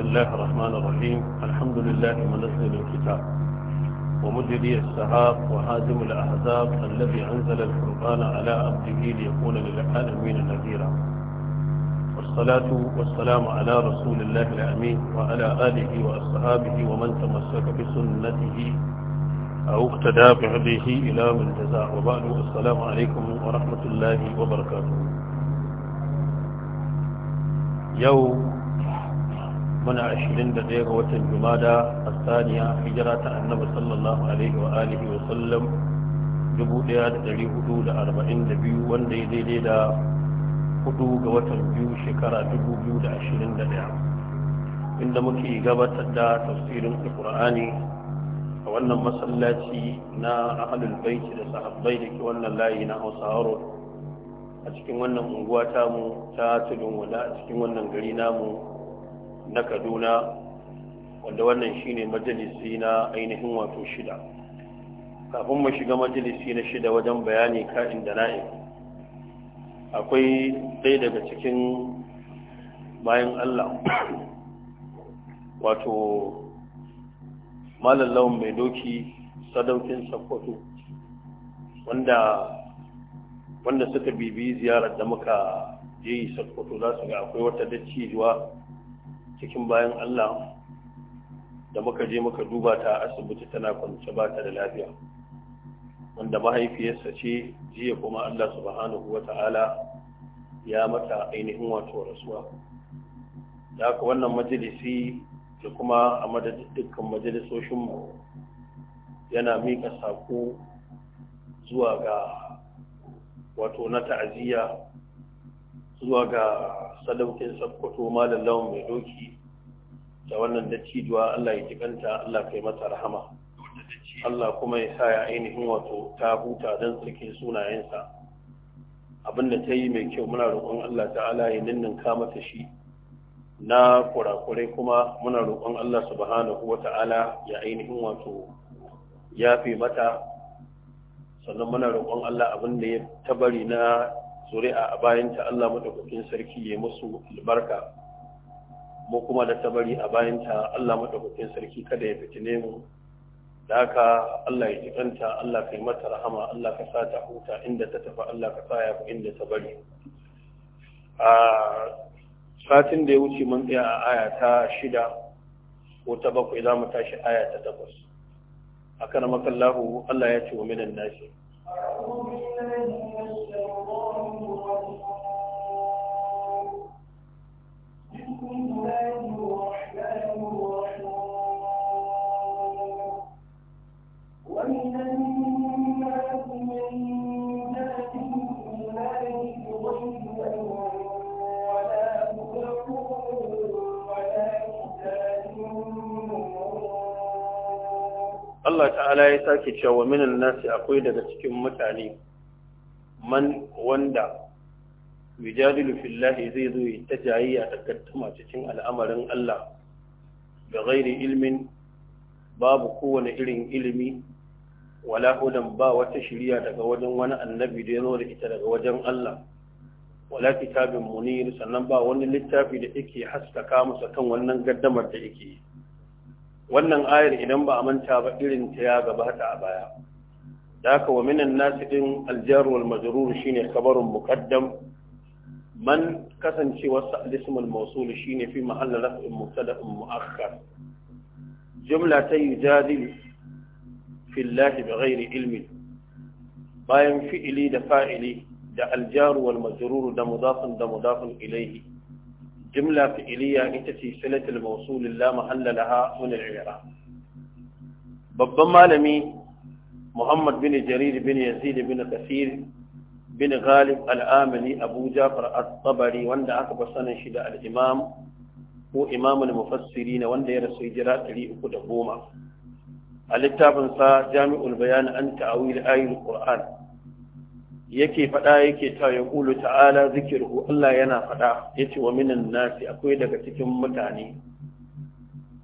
بسم الله الرحمن الرحيم الحمد لله منزل الكتاب ومجري السحاب وهازم الأحزاب الذي أنزل الفرقان على عبده ليكون للعالمين نذيرا والصلاة والسلام على رسول الله الأمين وعلى آله وأصحابه ومن تمسك بسنته أو اقتدى بهديه إلى من جزاء وبعد السلام عليكم ورحمة الله وبركاته يوم muna ashirin da ɗaya ga watan jumada a saniya hijira ta annabi sallallahu alaihi wa alihi wa sallam dubu ɗaya da ɗari hudu da arba'in da biyu wanda ya daidai da hudu ga watan biyu shekara dubu biyu da ashirin da ɗaya inda muke gabatar da tafsirin alƙur'ani a wannan masallaci na ahalul baiti da sahabbai da ke wannan layi na hausa a cikin wannan unguwa tamu ta tudun wada a cikin wannan gari namu na kaduna wanda wannan shine majalisi na ainihin wato shida kafin mu shiga majalisi na shida wajen bayani ka'in da na'in akwai ɗaya daga cikin bayan allah wato malallawan mai doki sadaukin sakwato wanda wanda suka bibi ziyarar da muka je sakwato za su ga akwai wata dacciyar cikin bayan Allah da muka je muka duba ta asibiti tana kwance ba ta da lafiya wanda mahaifiyarsa ce jiya kuma Allah subhanahu wata'ala ya mata ainihin wato rasuwa da haka wannan majalisi da kuma a madadin dukkan majalisoshinmu yana mika sako zuwa ga wato na ta'aziyya zuwa ga sadaukin sakkwato malam lawan mai doki da wannan dattijuwa Allah ya jikanta Allah kai mata rahama Allah kuma ya sa ya ainihin wato ta huta don tsake sunayensa abin da ta yi mai kyau muna roƙon Allah ta'ala ya ninninka mata shi na kurakurai kuma muna roƙon Allah subhanahu wa ta'ala ya ainihin wato ya fi mata sannan muna roƙon Allah abin da ya tabari na zuri'a a bayan ta Allah madaukakin sarki ya musu albarka mu kuma da tabari a bayan ta Allah madaukakin sarki kada ya fitine mu da haka Allah ya jikanta Allah kai mata rahama Allah ka sa ta huta inda ta tafi Allah ka tsaya ku inda ta bari a satin da ya wuce mun tsaya a aya ta shida ko ta bakwai za mu tashi aya ta takwas akan makallahu Allah ya ce wa minan nashi Allah ta'ala ya sake cewa minan nasi akwai daga cikin mutane man wanda yujadilu fillahi zai zo ya ta jayayya ta gaddama cikin al'amarin Allah da ghairi ilmin babu kowane irin ilimi wala hudan ba wata shiriya daga wajen wani annabi da ya da ita daga wajen Allah wala kitabin munir sannan ba wani littafi da yake haskaka masa kan wannan gaddamar da yake yi wannan ayar idan ba a manta ba irin ta ya gabata a baya da haka wa minan nasu din aljar wal majrur shine khabarun muqaddam man kasancewar sa al mawsul shine fi mahall raf'in mubtada'un mu'akhkhar jumla ta yujadil fi Allah bighairi ilmi bayan fi'ili da fa'ili da aljar wal majrur da mudafun da mudafun ilayhi jumla fi'iliya ita ce silatul mawsul la mahalla laha min al babban malami Muhammad bin Jarir bin Yazid bin Kasir bin Ghalib al-Amali Abuja Ja'far at wanda aka fi sanin shi da al-Imam ko Imam al wanda ya rasu da 310 a littafin sa Jami'ul Bayan an ta'awil ayatul Qur'an yake faɗa yake ta ya kulu ta'ala zikirhu Allah yana faɗa yace wa minan nasi akwai daga cikin mutane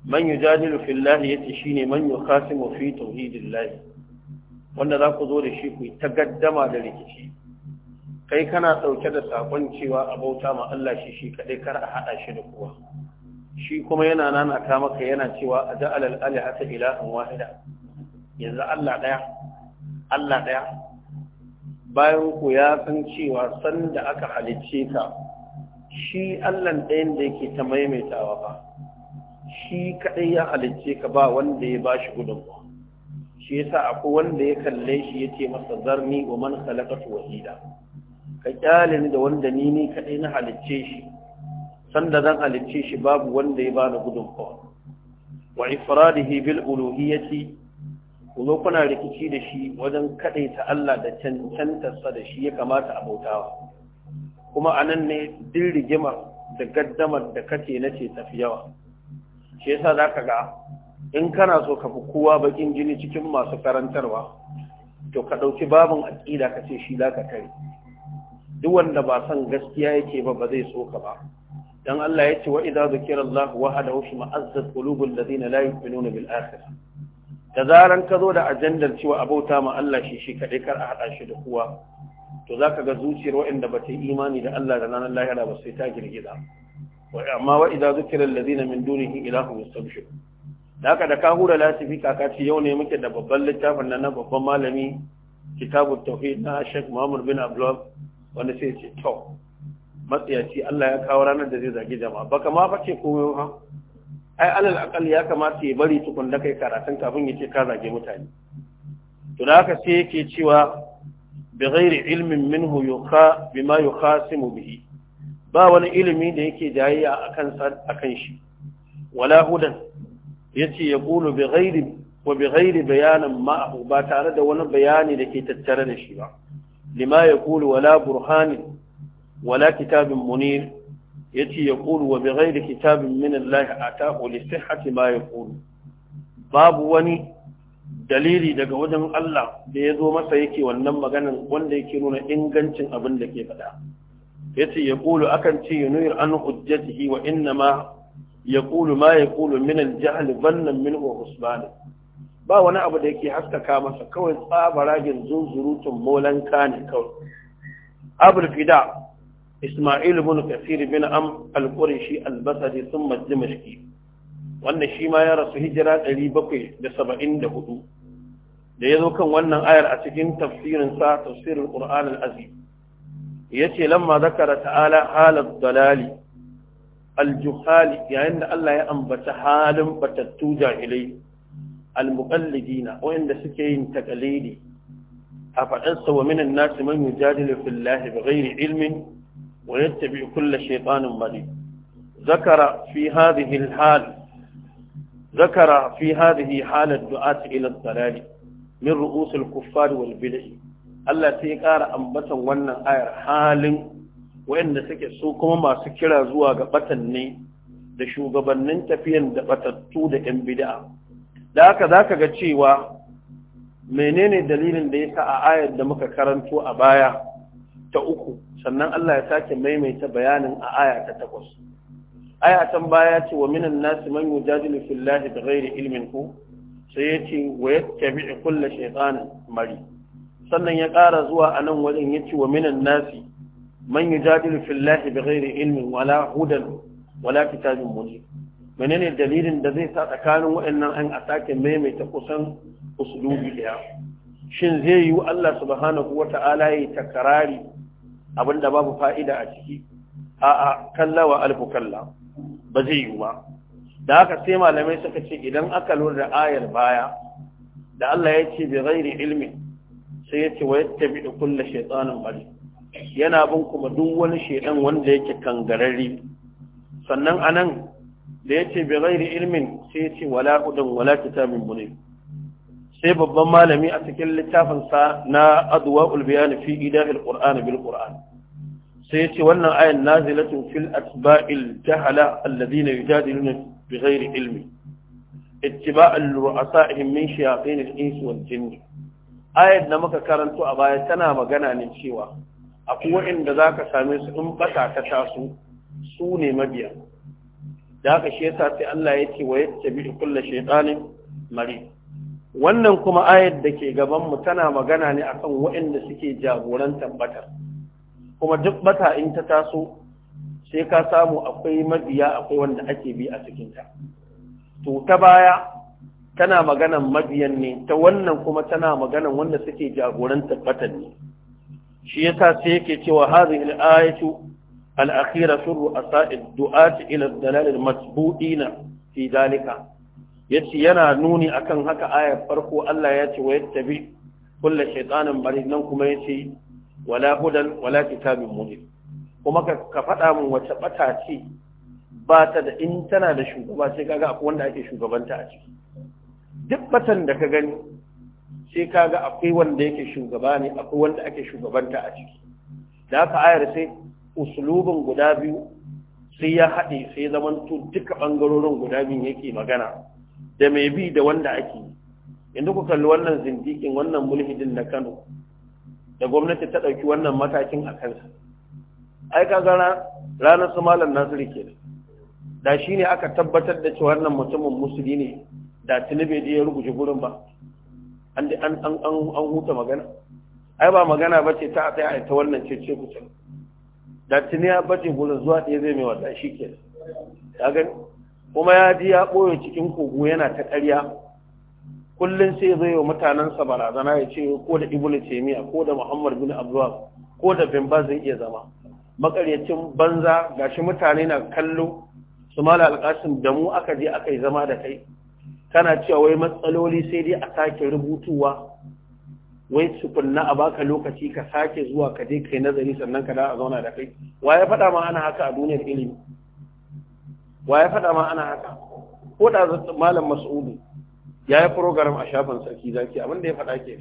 man yujadilu fillahi yace shine man yukhasimu fi tauhidillahi wanda za ku zo da shi ku yi ta gaddama da rikici kai kana ɗauke da sakon cewa a bauta ma Allah shi shi kaɗai kar a haɗa shi da kowa shi kuma yana nanata maka yana cewa a ja'alal alihata ilahan wahida yanzu Allah ɗaya Allah ɗaya bayan ku ya san cewa san da aka halicce ka shi allan ɗayan da yake ta maimaitawa ba shi kaɗai ya halicce ka ba wanda ya ba shi gudunmu shi yasa akwai wanda ya kalle shi ya ce masa zarni wa man khalaqatu wahida ka ƙyale ni da wanda ni ni kaɗai na halicce shi sanda zan halicce shi babu wanda ya bani gudunmu wa ifradihi bil uluhiyati ku zo kuna rikici da shi wajen ta Allah da cancantarsa da shi ya kamata a bautawa kuma anan nan ne din rigima da gaddamar da kake na ce tafi yawa shi yasa za ka ga in kana so ka fi kowa bakin jini cikin masu karantarwa to ka ɗauki babin aƙida ka ce shi za ka kare duk wanda ba son gaskiya yake ba ba zai so ka ba dan Allah ya ce wa idza wahada Allah wahdahu shi ma'azzat qulubul ladina la yu'minuna bil akhirah da zaran ka zo da ajandar cewa abauta ma Allah shi shi kaɗai kar a haɗa shi da kowa to za ka ga zuciyar waɗanda ba ta yi imani da Allah da ranar lahira ba sai ta girgiza amma wa idan zukirar lazina min dunihi ilahu mustabshir da haka da ka hura lasifi kakaci yau ne muke da babban littafin nan na babban malami kitabun tauhid na Sheikh Muhammad bin Abdullah wanda sai ce to matsiyaci Allah ya kawo ranar da zai zagi jama'a baka ma ce komai ha ai alal akal ya kamata ya bari tukun da kai karatun kafin ya ce ka zage mutane to da haka sai yake cewa bi ghairi ilmin minhu yuqa bima yukhasimu bihi ba wani ilimi da yake jayayya akan akan shi wala hudan yace ya qulu bi ghairi wa bi ghairi bayanan ma'ahu ba tare da wani bayani da ke tattare da shi ba lima ya qulu wala burhanin wala kitabin munir yace kulu wa bighairi kitabin min Allah ataqu li sihhati ma yaqulu babu wani dalili daga wajen Allah da ya zo masa yake wannan maganan wanda yake nuna ingancin abin da ke faɗa yace yaqulu akan ce yunir an hujjatihi wa inna ma yaqulu ma yaqulu min al-jahl dhannan minhu husban ba wani abu da yake haskaka masa kawai tsabaragin zunzurutun molanka ne kawai abul fida Isma'il bin Kasir bin Am al-Qurashi al-Basri thumma Dimashqi wannan shi ma ya rasu hijira 774 da yazo kan wannan ayar a cikin tafsirin sa tafsirul Qur'an al-Azim yace lamma zakara ta'ala halad dalali al-juhali yayin da Allah ya ambata halin batattu jahilai al-muqallidina wanda suke yin taqalidi a faɗansa wa minan nasi man yujadilu fillahi bighairi ilmin ويتبع كل شيطان مريض ذكر في هذه الحال ذكر في هذه حال الدعاة إلى الضلال من رؤوس الكفار والبدع Allah sai ya ƙara ambatan wannan ayar halin waɗanda suke so kuma masu kira zuwa ga batan da shugabannin tafiyan da batattu da 'yan bida'a. Da haka za ka ga cewa menene dalilin da ya sa a ayar da muka karanto a baya ta uku sannan Allah ya sake maimaita bayanin a aya ta takwas aya baya ce wa minan nasi man yujadilu fillahi bighairi ilmin ku sai ya ce wa a kullu shaytanin mari sannan ya ƙara zuwa a nan wajen ya ce wa minan nasi man yujadilu fillahi bighairi ilmin wala hudan wala kitabin Mene menene dalilin da zai sa tsakanin waɗannan an a sake maimaita kusan usulubi daya shin zai yiwu Allah subhanahu wata'ala ya takarari abin da babu fa'ida a ciki a'a kalla wa alfu kalla ba zai yi ba da haka sai malamai suka ce idan aka lura da ayar baya da Allah ya ce bi ghairi ilmin sai ya ce wa yattabi kullu shaytanin mari yana bin kuma duk wani shaydan wanda yake kangararri sannan anan da ya ce bi ghairi ilmin sai ya ce wala hudan wala kitabin munir sai babban malami a cikin littafinsa na adwa ulbiyan fi idahil qur'an bil qur'an sai yace wannan ayan nazilatun fil atba'il jahala alladhina yujadiluna bighairi ilmi ittiba'an ru'asa'ihim min shayatin al-ins wal jinn ayat da muka karanto a baya tana magana ne cewa akwai wa'inda zaka same su in bata ka tasu su ne mabiya da haka shi yasa sai Allah ya ce wa yattabi'u kullu shaytanin marid wannan kuma ayar da ke gabanmu tana magana ne akan waɗanda suke jagoran tabbatar, kuma duk bata in ta taso sai ka samu akwai mabiya akwai wanda ake bi a cikinta to ta baya tana maganan mabiyan ne ta wannan kuma tana maganan wanda suke jagoran tabbatar ne shi yasa sai yake cewa hadhihi al-ayatu al-akhira Sa'id, asa'id du'ati ila ad-dalal al-masbu'ina fi dalika yace yana nuni akan haka ayar farko Allah ya ce wa tabi kullu shaytanin marid nan kuma yace wala hudan wala kitabin mubin kuma ka faɗa mun wace bata ce ba ta da in tana da shugaba sai kaga akwai wanda ake shugabanta a ciki duk batan da ka gani sai kaga akwai wanda yake shugaba ne akwai wanda ake shugabanta a ciki da haka ayar sai usulubin guda biyu sai ya haɗe sai zaman to duka ɓangarorin guda biyu yake magana da mai bi da wanda ake yi yanzu ku kalli wannan zindikin wannan mulhidin na kano da gwamnati ta ɗauki wannan matakin a kansa ai ka ga ranar su malam nasiru ke da shi ne aka tabbatar da cewa wannan mutumin musulmi ne da bai da ya rubuce gurin ba an an huta magana ai ba magana ba ce ta a tsaya ta wannan cece kusa da tuni ya bace gurin zuwa ɗaya zai mai wata shi ke ta gani kuma ya ji ya ɓoye cikin kogo yana ta ƙarya kullum sai zai yi wa mutanensa barazana ya ce ko da ibn taymiya ko da muhammad bin abdullah ko da bin zai iya zama makaryacin banza gashi mutane na kallo su mala alƙasim da mu aka je aka yi zama da kai kana cewa wai matsaloli sai dai a sake rubutuwa wai tsukunna a baka lokaci ka sake zuwa ka je kai nazari sannan ka da a zauna da kai wa ya faɗa ma ana haka a duniyar ilimi wa ya faɗa ma ana haka ko da malam mas'udu ya yi program a shafin sarki zaki abin da ya faɗa ke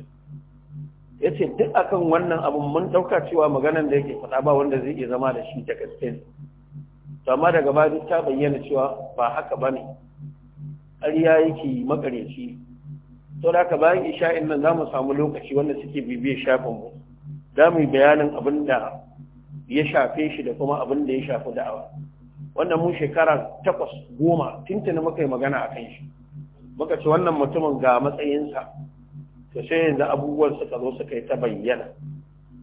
ya ce duk akan wannan abin mun ɗauka cewa maganan da yake faɗa ba wanda zai iya zama da shi da gaske to amma daga baya ta bayyana cewa ba haka ba ne ƙarya yake makarici to da haka bayan isha'in nan za mu samu lokaci wanda suke bibiye shafin mu za mu yi bayanin abin da ya shafe shi da kuma abin da ya shafi da'awa Wannan mun shekara takwas goma tuntuni muka yi magana a kan shi muka ce wannan mutumin ga matsayinsa to sai yanzu abubuwan suka zo suka yi ta bayyana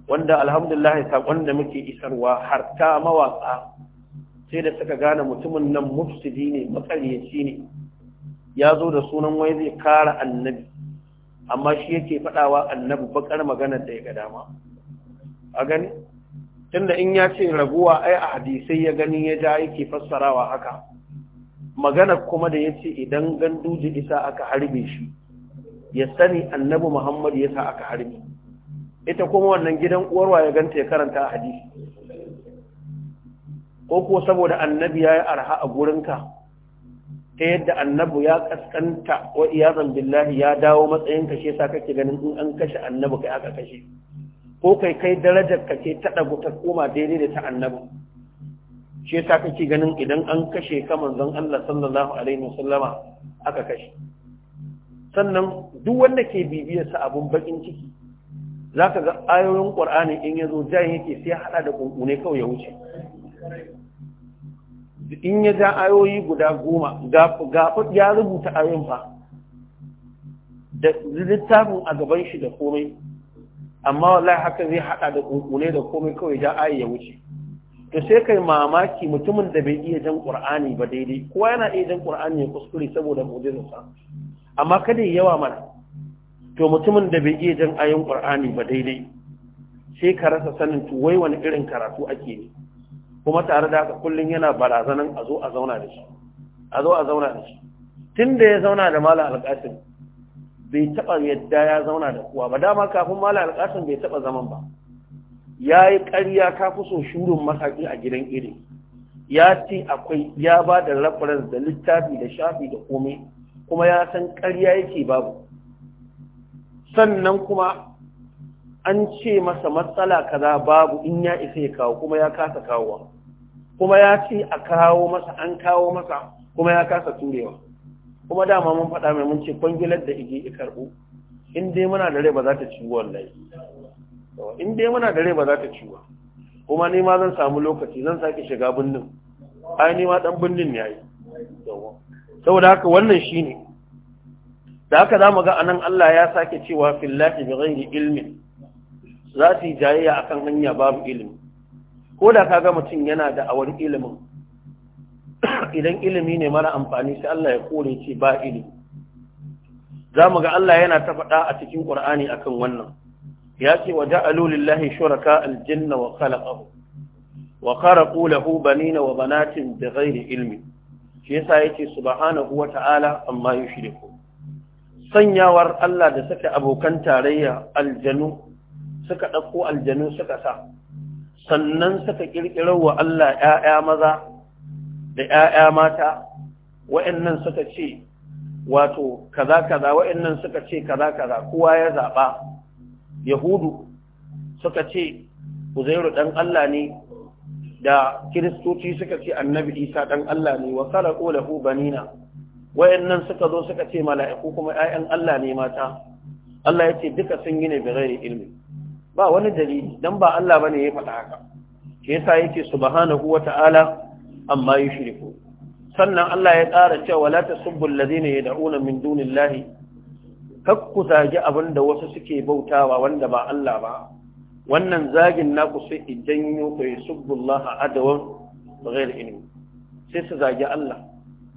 wanda alhamdulillah saƙon da muke isarwa har ta mawaƙa sai da suka gane mutumin nan mufsidi ne makaryaci ne ya zo da sunan wai zai kara annabi amma shi yake faɗawa annabi baƙar magana da ya ga dama a gani tunda in ya ce raguwa ai a hadisai ya gani ya ja yake fassarawa haka magana kuma da ya ce idan ganduji isa aka harbe shi ya sani annabi muhammad ya aka harbe ita kuma wannan gidan uwarwa ya ganta ya karanta hadisi ko ko saboda annabi ya yi arha a gurinka ta yadda annabi ya kaskanta wa iyazan billahi ya dawo matsayinka shi yasa kake ganin in an kashe annabi kai aka kashe ko kai kai darajar ka ce ta ɗagu ta koma daidai da ta annabi shi yasa kake ganin idan an kashe ka manzon Allah sallallahu alaihi wasallama aka kashe sannan duk wanda ke bibiyar sa abun bakin ciki zaka ga ayoyin Qur'ani in yazo jayin yake sai hada da kunkune kawai ya wuce in ya ga ayoyi guda goma ga ya rubuta ayoyin fa da littafin a gaban shi da komai amma wallahi haka zai hada da kunkune da komai kawai ja ayi ya wuce to sai kai mamaki mutumin da bai iya jan qur'ani ba daidai kowa yana iya jan qur'ani ya kuskure saboda sa amma kada yawa mana to mutumin da bai iya jan ayin qur'ani ba daidai sai ka rasa sanin to wai wani irin karatu ake ne kuma tare da haka kullun yana barazanan a zo a zauna da shi a zo a zauna da shi tunda ya zauna da malam alƙasim bai taɓa yadda ya zauna da kuwa, ba dama kafin mala alƙasin bai taba zaman ba ya yi ƙarya ka fi so shurin masaƙi a gidan iri ya ce akwai ya ba da reference da littafi da shafi da komai kuma ya san ƙarya yake babu sannan kuma an ce masa matsala kaza babu in ya isa ya kawo kuma ya kasa kawowa kuma ya ce a kawo masa an kawo masa kuma ya kasa turewa kuma dama mun faɗa mai mun ce kwangilar da igi karɓo in dai muna da rai ba za ta ciwo wallahi in dai muna da rai ba za ta wa. kuma ni ma zan samu lokaci zan sake shiga birnin ai ni ma dan birnin ne ai saboda haka wannan shine da haka zamu ga anan Allah ya sake cewa fillahi bighairi ilmin za su yi jayayya akan hanya babu ilimi ko da kaga mutum yana da awar ilimin idan ilimi ne mara amfani sai Allah ya kore ce ba ilimi za mu ga Allah yana ta faɗa a cikin ƙur'ani akan wannan ya ce wa ja'alu lillahi shuraka aljanna wa khalaqahu wa kharaqu lahu banina wa banatin bighairi ilmi shi yasa yake subhanahu wa ta'ala amma yushriku sanyawar Allah da saka abokan tarayya aljanu suka ɗauko aljanu suka sa sannan suka ƙirƙirar wa Allah ‘ya'ya maza da ‘ya'ya mata wa'yannan suka ce wato kaza kaza wa'yannan suka ce kaza kaza kowa ya zaɓa yahudu suka ce uzairu ɗan Allah ne da kiristoci suka ce annabi isa ɗan Allah ne wa kara lahu banina wa'yannan suka zo suka ce mala'iku kuma ‘ya'yan Allah ne mata Allah ya ce duka sun yi ne birai ilmi ba wani dalili don ba Allah ba ne ya faɗa haka Ke yasa yake subhanahu wa ta'ala amma yushriku sannan Allah ya ƙara cewa la tasubbu ya da'una min Kar kakku zagi da wasu suke bautawa wanda ba Allah ba wannan zagin naku sai idan yo ku yusubbu Allah adawan bighair sai su zagi Allah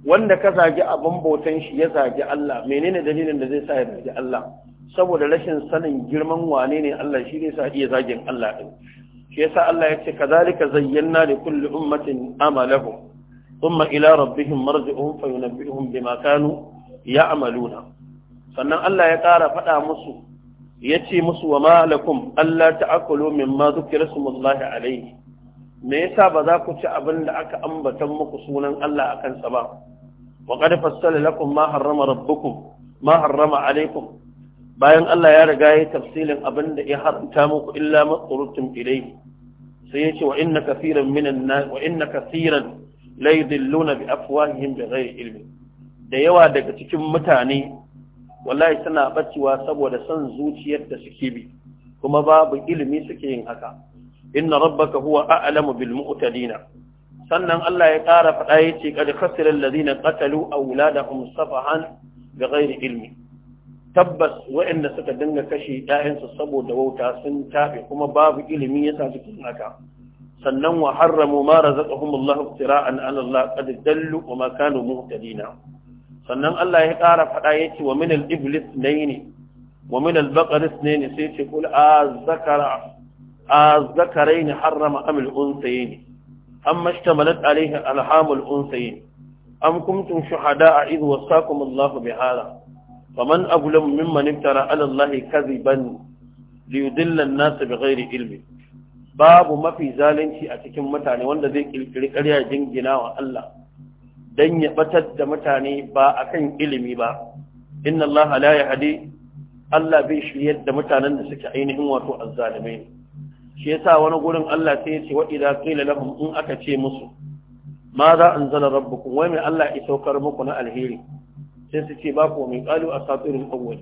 wanda ka zagi abin bautan shi ya zagi Allah menene dalilin da zai sa ya zagi Allah saboda rashin sanin girman wane ne Allah shi ne sa iya zagin Allah din Ke yasa Allah ya ce kazalika zayyana da kulle ummatin Amalahu, thumma ila rabbihim marji'uhum fayunabbi'uhum bima kanu ya'maluna sannan Allah ya ƙara faɗa musu ya ce musu wa malakum Allah ta'akulu mimma zukira smullahi alayhi me yasa ba za ku ci abin da aka ambata muku sunan Allah akan sa ba wa qad fassala lakum ma harrama rabbukum ma harrama alaykum bayan Allah ya riga ya tafsilin abin da ya haramta muku illa ma tsurutum ilayhi sai ya ce wa inna kafiran minan nas wa inna kafiran la yudilluna bi afwahihim bi ghairi ilmi da yawa daga cikin mutane wallahi suna bacewa saboda son zuciyar da suke bi kuma babu ilimi suke yin haka inna rabbaka huwa a'lamu bil mu'tadina sannan Allah ya ƙara faɗa yace qad khasira alladhina qatalu awladahum safahan bi ghairi ilmi tabbas waɗanda suka dinga kashe ‘ya'yansu saboda wauta sun tafe kuma babu ilimi yasa suke haka sannan wa harramu ma razaqahumullahu tira'an ala Allah qad dallu wa ma mu muhtadina sannan Allah ya ƙara faɗa ya ce wa min al-iblis nayni wa min al-baqar nayni sai ce kul azzakara azzakarayn harrama am al-unsayn amma ishtamalat alayhi alhamul unsayn am kuntum shuhada'a idh wasaqakum Allah bihadha Baman agulamu mimman iftara ala Allah kadhiban li yudilla an-nas bighairi ilmi babu mafi zalunci a cikin mutane wanda zai kirkiri karya jingina ginawa Allah dan ya batar da mutane ba akan ilimi ba inna Allah la yahdi Allah bai shiryar da mutanen da suke ainihin wato azzalimai shi yasa wani gurin Allah sai ya ce wa idza qila lahum in aka ce musu ma za anzala rabbukum wai mai Allah ya saukar muku na alheri sai su ce ba mai kalu a satirin kawai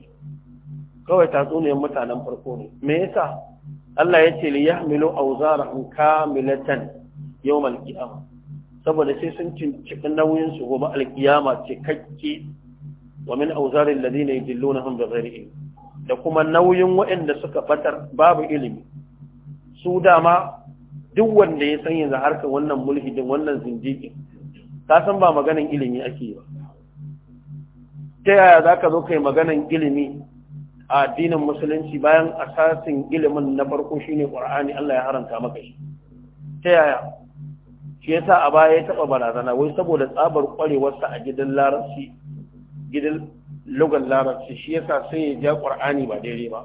kawai tatsuniyar mutanen farko ne me yasa Allah ya ce li yahmilu awzarahum kamilatan yau malkiyama saboda sai sun cikin nauyin su gobe alkiyama ce kakke wa min dillo na yudillunahum bighairi ilm da kuma nauyin waɗanda suka fatar babu ilimi su dama duk wanda ya san yanzu harkar wannan mulhidin wannan zinjikin ta san ba maganin ilimi ake yi ba ta yaya za ka zo kai maganan ilimi a addinin musulunci bayan asasin ilimin na farko shine ƙur'ani Allah ya haranta maka shi ta yaya shi ya sa a baya ya taɓa barazana wai saboda tsabar ƙwarewarsa a gidan larabci gidan lugan larabci shi ya sa sai ya ja ƙur'ani ba daidai ba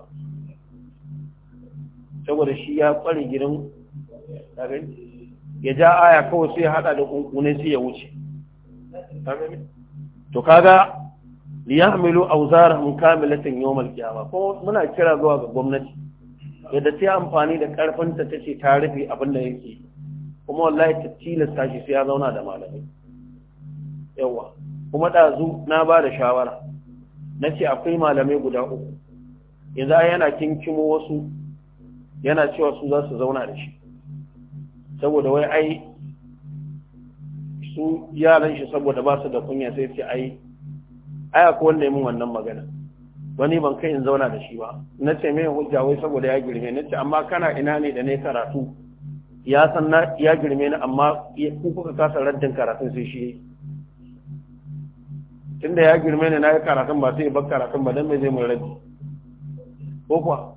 saboda shi ya ƙware gidan ya ja aya kawai sai ya haɗa da ƙunƙunai sai ya wuce to kaga liyahmilu awzarahum kamilatan al qiyamah ko muna kira zuwa ga gwamnati yadda ta amfani da karfin ta tace ta rufe abin da yake kuma wallahi ta tilasta shi sai ya zauna da malamai yawa kuma dazu na ba da shawara nace akwai malamai guda uku yanzu yana kinkimo wasu yana cewa su zasu zauna da shi saboda wai ai su yaran shi saboda ba su da kunya sai sai ai aya ko wanda ya min wannan magana wani ban kai in zauna da shi ba na ce mai hujja wai saboda ya girme na ce amma kana ina ne da ne karatu ya san na ya girme ni amma ku kuka kasa raddin karatun sai shi tunda ya girme ni na yi karatun ba sai ba karatun ba don me zai mun raddi ko kuwa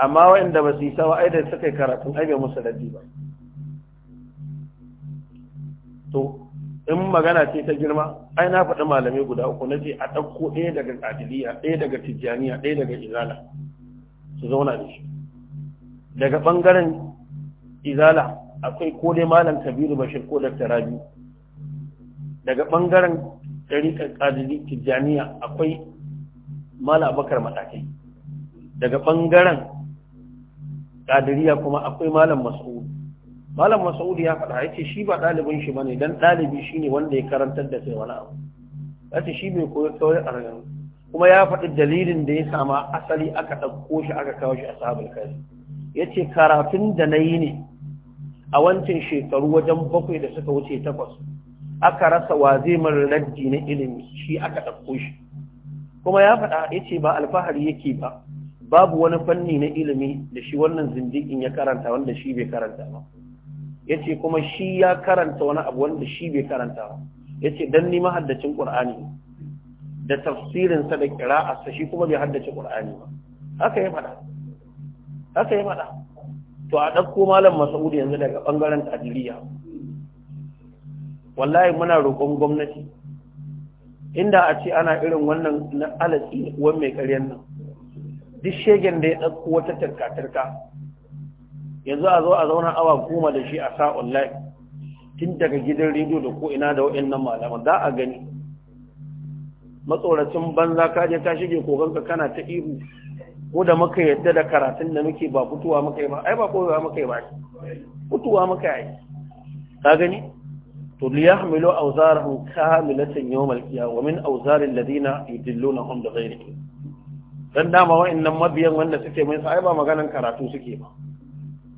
amma waɗanda ba su yi sawa ai da suka yi karatun ai bai musu raddi ba to in magana ce ta girma ai na faɗi malamai guda uku na ce a ɗauko ɗaya daga ƙadiliya ɗaya daga tijjaniya ɗaya daga izala su zauna da shi daga ɓangaren izala akwai ko dai malam kabiru bashir ko da rabi daga ɓangaren ɗariƙar ƙadili tijjaniya akwai malam abakar matakai daga ɓangaren ƙadiriya kuma akwai malam mas'ud malam masaudi ya faɗa yace shi ba ɗalibin shi bane dan ɗalibi shine wanda ya karantar da sai wani abu yace shi bai koyar kawai a rayuwa kuma ya faɗi dalilin da ya sama asali aka ɗauko shi aka kawo shi a sabon kai yace karatun da nayi ne a wancan shekaru wajen bakwai da suka wuce takwas aka rasa wa zai raddi na ilimi shi aka ɗauko shi kuma ya faɗa yace ba alfahari yake ba babu wani fanni na ilimi da shi wannan zindigin ya karanta wanda shi bai karanta ba yace kuma shi ya karanta wani abu wanda shi bai karanta ba yace dan ni haddacin qur'ani da tafsirin sa da qira'arsa shi kuma bai haddace qur'ani ba haka ya faɗa haka ya faɗa to a ɗauko malam Mas'ud yanzu daga bangaren Qadiriyya wallahi muna roƙon gwamnati inda a ce ana irin wannan na alatsi wani mai ƙaryan nan duk shegen da ya ɗauko wata tarka-tarka yanzu a zo a zauna awa goma da shi a sa online tun daga gidan rediyo da ko'ina da wa'annan malaman za a gani matsoracin banza ka je ka shige koganka kana ta ihu ko da muka yadda da karatun da muke ba fituwa muka yi ba ai ba koyawa muka yi ba fituwa muka yi ka gani to liyahmilu awzarahum kamilatan yawmal qiyamah wa min awzar ladina yudillunahum bi ghairi dan dama wa'annan mabiyan wanda suke mai sai ba maganan karatu suke ba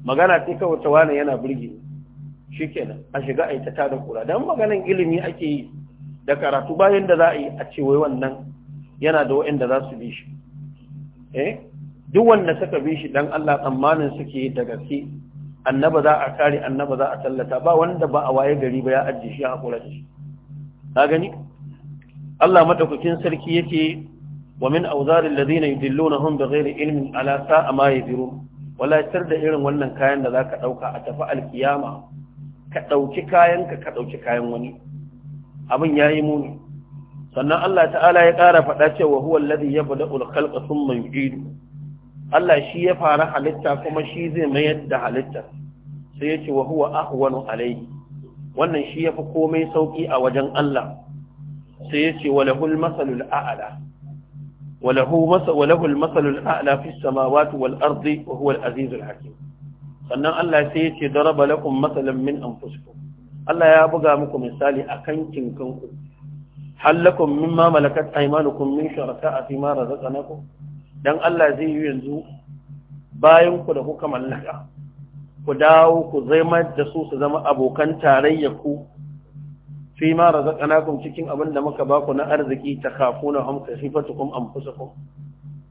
magana ce kawai ta wani yana burge shi kenan a shiga a yi ta tada kura don maganin ilimi ake yi da karatu bayan da za a yi a ce wai wannan yana da wa'anda za su bi shi eh duk wanda suka bi shi dan Allah tsammanin suke da gaske annaba za a kare annaba za a tallata ba wanda ba a waye gari ba ya ajiye shi a kura da shi ka gani Allah madaukakin sarki yake wa min awzaril ladina yudillunahum bighairi ilmin ala sa'a ma yadirun walatar da irin wannan kayan da za ka ɗauka a tafi alkiyama ka ɗauki kayan ka ka ɗauki kayan wani abin ya yi muni sannan Allah ta'ala ya ƙara faɗa cewa huwa ya yabda'u al-khalqa thumma yu'idu Allah shi ya fara halitta kuma shi zai mayar da halitta sai ya ce wa huwa ahwanu alayhi wannan shi yafi komai sauki a wajen Allah sai ya ce wa lahul masalul a'ala وله المثل الأعلى في السماوات والأرض وهو العزيز الحكيم sannan Allah sai ya ce daraba lakum masalan min anfusikum Allah ya buga muku misali akan kinkanku hal lakum mimma malakat aymanukum min shuraka'a fi ma razaqnakum dan Allah zai yi yanzu bayan ku da kuka mallaka ku dawo ku zama da su su zama abokan tarayya ku fi ma razaqnakum cikin abin da muka baku na arziki takhafuna hum kasifatukum anfusakum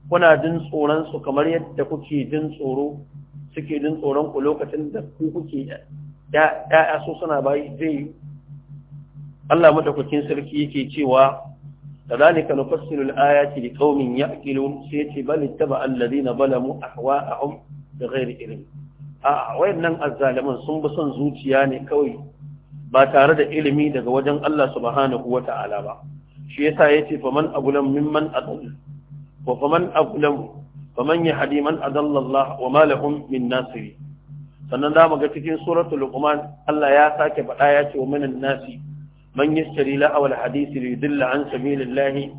kuna jin tsoron su kamar yadda kuke jin tsoro suke jin tsoron ku lokacin da ku kuke ya'ya so suna bayi zai Allah madaukakin sarki yake cewa كذلك نفصل الآيات لقوم يأكلون سيتي بل اتبع الذين ظلموا أهواءهم بغير علم آه wayannan نن sun سن son zuciya ne kawai ba tare da ilimi daga wajen Allah subhanahu wa ta'ala ba shi yasa yace faman agulam mimman adall wa faman agulam faman yahdi man adalla wa ma min nasiri sannan zamu ga cikin suratul luqman Allah ya sake faɗa ya ce wa minan nasi man yashtari la'awar hadisi li yudilla an sabilillahi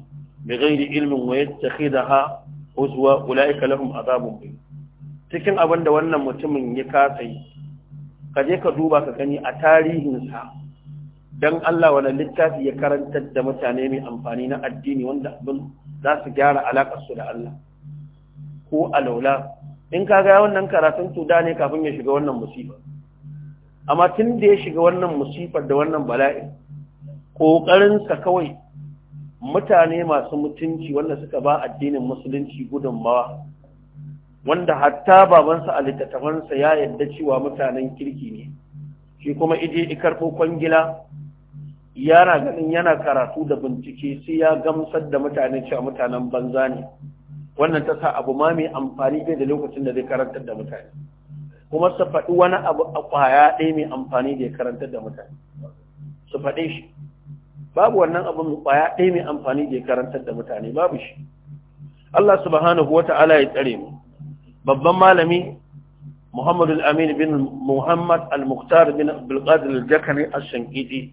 bighairi ilmin wa yattakhidaha uswa ulaika lahum bai. cikin abin da wannan mutumin ya kasa yi ka je ka duba ka gani a tarihinsa don Allah wani littafi ya karantar da mutane mai amfani na addini wanda abin za su gyara alaƙarsu da Allah ko alaula in ka ga wannan karatun tuda ne kafin ya shiga wannan musifa amma tun da ya shiga wannan musifar da wannan bala'in ƙoƙarinsa kawai mutane masu mutunci wanda suka ba addinin musulunci gudunmawa wanda hatta babansa a littattafansa ya yadda cewa mutanen kirki ne shi kuma ije karɓo kwangila yana ganin yana karatu da bincike sai ya gamsar da mutane cewa mutanen banza ne wannan ta sa abu ma mai amfani bai da lokacin da zai karantar da mutane kuma su faɗi wani abu a ƙwaya ɗaya mai amfani da ya karantar da mutane su faɗe shi babu wannan abu mai ƙwaya ɗaya mai amfani da ya karantar da mutane babu shi Allah subhanahu wa ta'ala ya tsare mu babban malami muhammadu amin bin muhammad al muktar bin abdulkadir al-jakari al-shankidi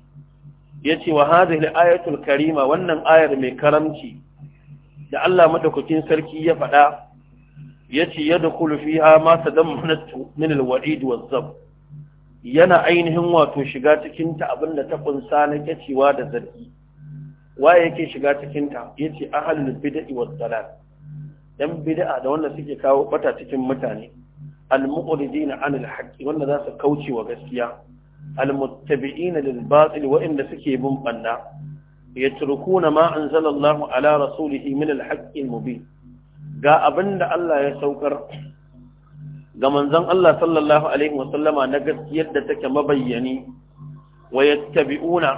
ya ce wa hadhihi ayatul karima wannan ayar mai karamci da Allah madaukakin sarki ya faɗa yace yadkhulu fiha ma tadammanatu min al-wa'id waz-zab yana ainihin wato shiga cikinta abinda ta kunsa na kacewa da zargi waye yake shiga cikinta ta yace ahlul bid'i was-dalal yan bid'a da wanda suke kawo bata cikin mutane al-muqridina anil haqqi wanda za su kauce wa gaskiya al-muttabi'ina da batil wa suke bin banna yatrukuna ma anzalallahu ala rasulihi min al-haqqi al-mubin ga abinda Allah ya saukar ga manzon Allah sallallahu alaihi wasallama na gaskiyar da take mabayyani wa yattabi'una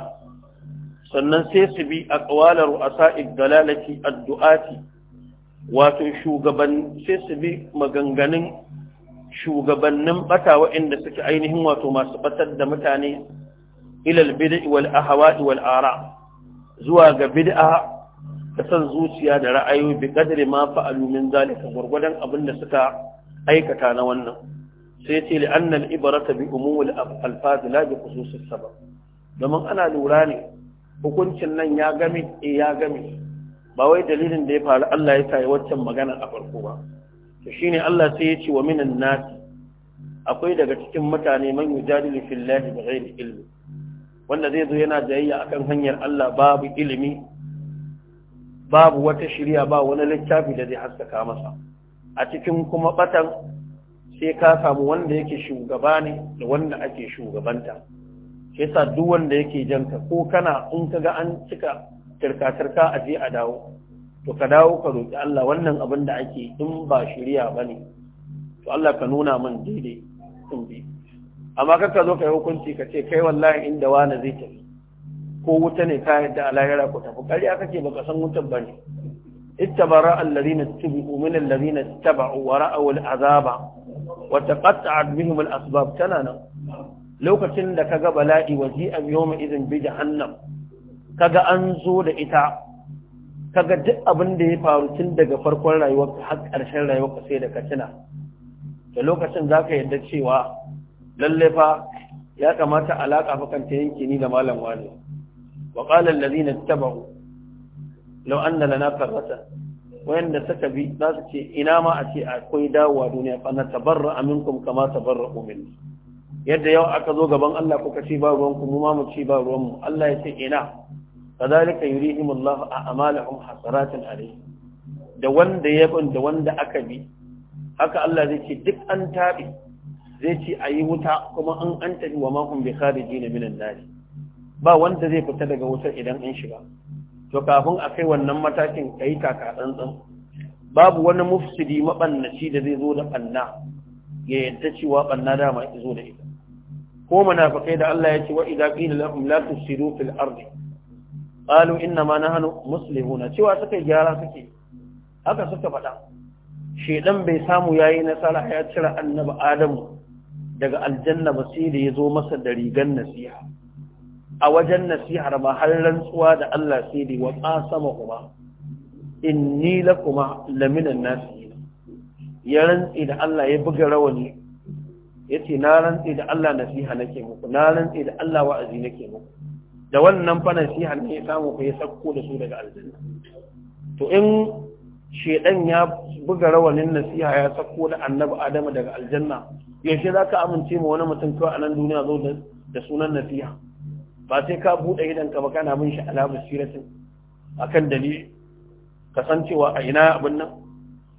sannan sai su bi aqwala ru'asa'id dalalati ad-du'ati wato shugaban sai su bi maganganun shugabannin bata waɗanda suke ainihin wato masu batar da mutane ilal bid'i wal ahwa'i wal ara zuwa ga bid'a da san zuciya da ra'ayoyi bi kadri ma fa'alu min zalika gurgudan abin da suka aikata na wannan sai ce li'anna al-ibrata bi umum al-alfaz la bi khusus sabab domin ana lura ne hukuncin nan ya game eh ya game ba wai dalilin da ya faru Allah ya sai waccan magana a farko ba to shine Allah sai ya ce wa minan nas akwai daga cikin mutane man yujadilu fillahi bighairi ilmi wanda zai zo yana jayayya akan hanyar Allah babu ilimi babu wata shirya ba wani littafi da zai haskaka masa a cikin kuma batan sai ka samu wanda yake shugaba ne da wanda ake shugabanta shi sa duk wanda yake janka ko kana in kaga an cika turka-turka a je a dawo to ka dawo ka roƙi Allah wannan abin da ake in ba shirya ba ne to Allah ka nuna min daidai in bi amma ka zo ka yi hukunci ka ce kai wallahi inda wani zai tafi ko wuta ne ka yadda a lahira ku tafi ƙarya kake baka san wutan ba ne اتبرأ الذين اتبعوا من الذين اتبعوا ورأوا العذاب وتقطعت بهم الأسباب تنانا لو كتن لك بلائي وجيء يومئذ بجهنم kaga an zo da ita kaga duk abin da ya faru tun daga farkon rayuwarka har ƙarshen ka sai da ka tuna da lokacin za ka yarda cewa lalle fa ya kamata alaƙa fa kanta yanke ni da malam wani wa qala allazina ittaba'u law anna lana qarratan wayanda suka bi za su ce ina ma a ce akwai dawowa duniya fa na tabarra aminkum kama tabarra minni yadda yau aka zo gaban Allah kuka ce ba ruwan ku mu ma mu ce ba ruwan mu Allah ya ce ina kadhalika yurihimullahu a'malahum hasaratin alayhi da wanda ya bin da wanda aka bi haka Allah zai ce duk an tabi zai ce ayi wuta kuma an an tabi wa ma hum bi kharijin minan nar ba wanda zai fita daga wutar idan an shiga to kafin a kai wannan matakin kai taka tsantsan babu wani mufsidi mabannaci da zai zo da banna ya yadda cewa banna dama zo da ita ko munafikai da Allah ya ce wa idza qila lahum la tufsidu fil ardi qalu inna ma nahnu muslimuna cewa suka gyara suke haka suka faɗa shedan bai samu yayi nasara ya cire annabi adamu daga aljanna ba sai da yazo masa da rigan nasiha a wajen nasihar ba har rantsuwa da Allah sai da wa qasama kuma inni lakuma laminan nasihin ya rantsi da Allah ya buga rawani yace na rantsi da Allah nasiha nake muku na rantsi da Allah wa'azi nake muku da wannan fa nasiha ne ya samu ku yi sakko da su daga aljanna to in shedan ya buga rawanin nasiha ya sakko da annabi Adama daga aljanna yaushe zaka amince ma wani mutum kawai a nan duniya zo da sunan nasiha ba sai ka bude idan ka ba kana bin shi ala basiratin akan san cewa a ina abin nan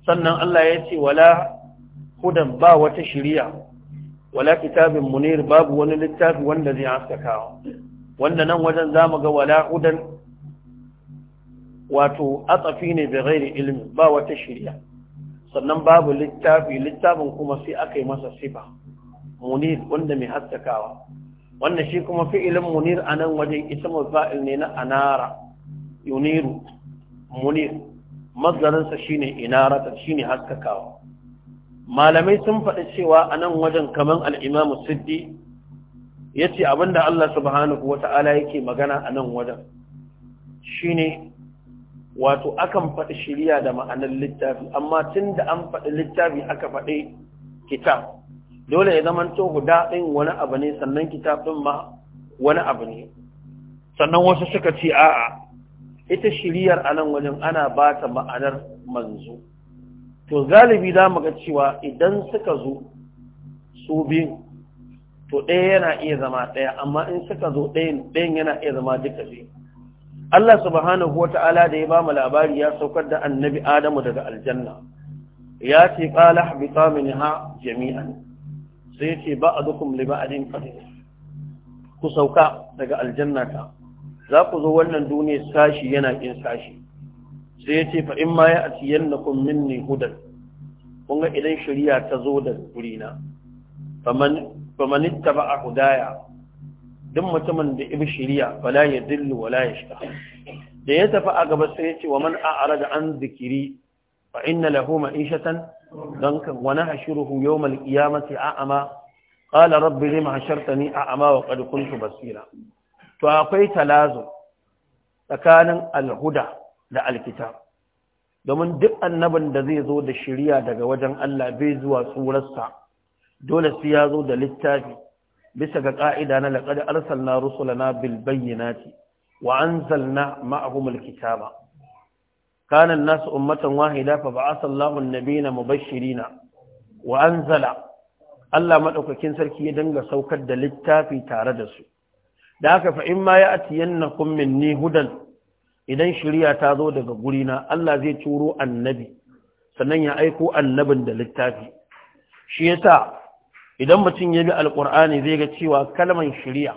sannan Allah ya ce wala hudan ba wata shiriya wala kitabin munir babu wani littafi wanda zai haskakawa wanda nan wajen za mu ga wala'udan wato atsafi ne da rairi ilmi ba wata shirya sannan babu littafi littafin kuma sai aka yi masa sifa munir wanda mai haskakawa Wanda shi kuma fi'ilin munir a nan wajen ismul fa'il ne na anara yuniru munir mazdarinsa shine inarata shi shine haskakawa malamai sun faɗi cewa a nan wajen kamar al'imamu siddi yace abinda Allah subhanahu wata'ala yake magana a nan wajen shine wato akan faɗi shiriya da ma'anar littafi amma tunda an faɗi littafi aka faɗi kitab dole ya zama to guda ɗin wani abu ne sannan kitab din ma wani abu ne sannan wasu suka ce a'a ita shiriyar a nan wajen ana ba ta ma'anar manzo to galibi za mu ga cewa idan suka zo su biyu to ɗaya yana iya zama ɗaya amma in suka zo ɗayan ɗayan yana iya zama duka biyu Allah subhanahu wata'ala da ya ba mu labari ya saukar da annabi Adamu daga aljanna ya ce qala habita minha jami'an sai ce ba'dukum li ba'din qadir ku sauka daga aljanna ta za ku zo wannan duniya sashi yana kin sashi sai ya ce fa in ma ya'tiyannakum minni hudan kun ga idan shari'a ta zo da gurina faman fa man a hudaya duk mutumin da ibi shiriya fala ya dillu wala ya shiga. da ya tafi a gaba sai ya ce wa man da an zikiri fa inna lahu ma'ishatan Wani wa nahshuruhu yawm al-qiyamati a'ama qala rabbi lima hashartani a'ama wa qad kuntu basira to akwai talazu tsakanin alhuda da alkitab domin duk annabin da zai zo da shiriya daga wajen Allah bai zuwa tsurarsa dole sai ya zo da littafi bisa ga ƙa'ida na laƙad arsalna rusulana bil bayyinati wa anzalna ma'ahum alkitaba kana an-nas ummatan wahida fa ba'atha na bina mu mubashshirina wa anzala Allah maɗaukakin sarki ya danga saukar da littafi tare da su da haka fa in ma ya'tiyannakum minni hudan idan shirya ta zo daga gurina Allah zai turo annabi sannan ya aiko annabin da littafi shi yasa idan mutum ya bi alƙur'ani zai ga cewa kalman shari'a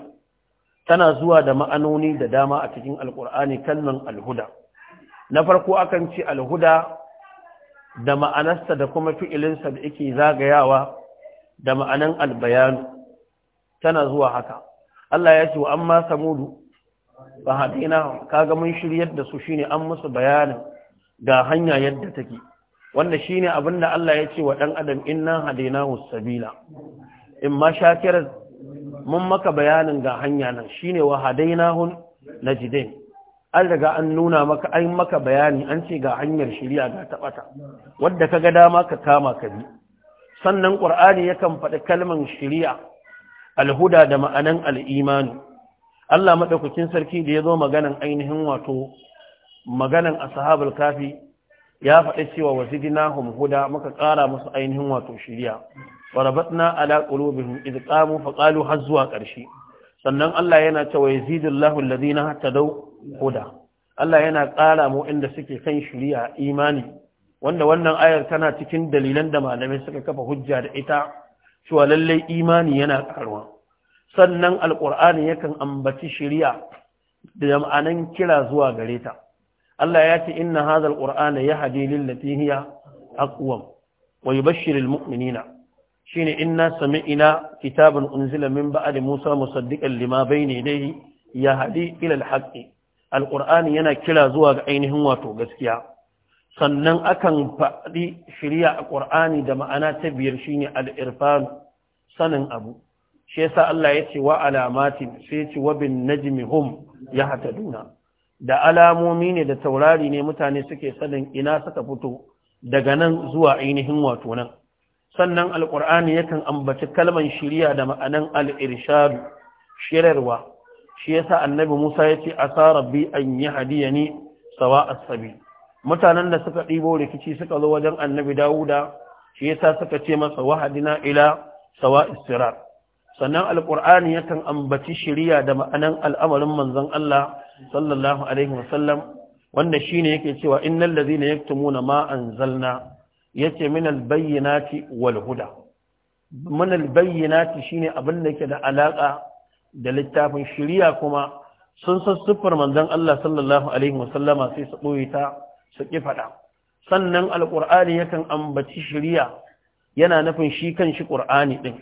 tana zuwa da ma'anoni da dama a cikin alƙur'ani kalman alhuda na farko akan ce alhuda da ma'anarsa da kuma fi'ilinsa da yake zagayawa da ma'anan albayanu tana zuwa haka Allah ya ce wa amma samudu ba haɗina kaga mun shiryar da su shine an musu bayanin ga hanya yadda take wanda shine abin da Allah ya ce wa ɗan adam inna hadainahu sabila in ma shakira mun maka bayanin ga hanya nan shine wa na najidain an riga an nuna maka an maka bayani an ce ga hanyar shirya ga tabata wanda ga dama ka kama ka bi sannan ƙur'ani yakan faɗi kalman shari'a alhuda da ma'anan al'imani Allah maɗaukakin sarki da ya zo maganan ainihin wato maganan ashabul kafi ya faɗi cewa hum huda muka ƙara musu ainihin wato shiriya wa rabatna ala qulubihim idh qamu fa qalu har zuwa ƙarshe sannan Allah yana cewa yazidullahu alladhina hatadau huda Allah yana ƙara mu inda suke kan shiriya imani wanda wannan ayar tana cikin dalilan da malamai suka kafa hujja da ita cewa lallai imani yana ƙaruwa sannan alƙur'ani yakan ambaci shiriya da ma'anan kira zuwa gare ta Allah ya ce inna hadha alqur'ana yahdi lil lati hiya aqwam wa yubashshiru almu'minina shine inna sami'na kitaban unzila min ba'di Musa musaddiqan lima ne yadayhi yahdi ila alhaqqi alqur'ani yana kira zuwa ga ainihin wato gaskiya sannan akan faɗi shirya a ƙur'ani da ma'ana ta biyar shine al'irfan sanin abu shi yasa Allah ya ce wa alamatin sai ya ce wa bin najmi hum ya da alamomi ne da taurari ne mutane suke sanin ina suka fito daga nan zuwa ainihin wato nan sannan alƙur'ani yakan ambaci kalman shiriya da ma'anan al'irshadu shirarwa shi yasa annabi musa ya ce a rabbi an yi hadiya ne sawa asabi mutanen da suka ɗibo rikici suka zo wajen annabi dawuda shi yasa suka ce masa wahadina ila sawa istirar sannan alƙur'ani yakan ambaci shiriya da ma'anan al'amarin manzon Allah sallallahu alaihi wasallam wanda shine yake cewa innal ladhina yaktumuna ma anzalna yace min albayyinati wal huda min albayyinati shine abin da yake da alaka da littafin shiriya kuma sun san siffar manzon Allah sallallahu alaihi wasallama sai su boye ta su sannan alƙur'ani yakan ambaci shiriya yana nufin shi kan shi ƙur'ani din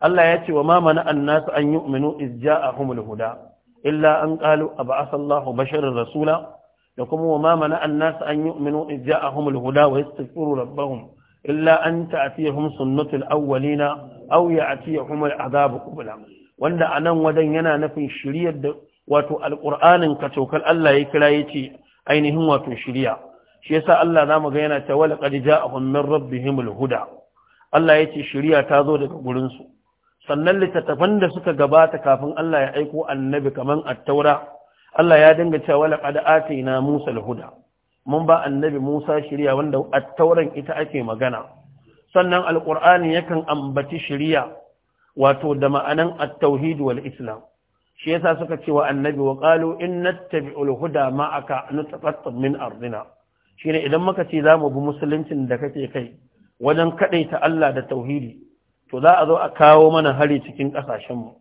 Allah ya ce wa ma mana annasu an yu'minu a ja'ahumul huda illa an qalu ab'athallahu basharar rasula da kuma wa ma mana annasu an yu'minu iz ja'ahumul huda wa yastaghfiru rabbahum illa an ta'tiyahum sunnatul awwalina aw ya'tiyahum azabu qubla wanda anan wajen yana nufin shiriyar da wato alqur'anin katokal Allah ya kira ce ainihin wato shiriya shi yasa Allah zamu ga yana ta wala qad ja'ahum min rabbihimul huda Allah yace shiriya ta zo daga gurin su sannan littattafan da suka gabata kafin Allah ya aiko annabi kaman at-taura Allah ya dinga cewa wala qad atina Musa al-huda mun ba annabi Musa shiriya wanda attauran ita ake magana sannan al yakan ambaci shiriya wato da ma'anan at-tauhid wal islam shi yasa suka cewa annabi wa qalu inna tabi'ul huda ma'aka nutafattab min ardina shine idan muka ce zamu bi musuluncin da kake kai wajen kadaita Allah da tauhidi to za a zo a kawo mana hari cikin ƙasashenmu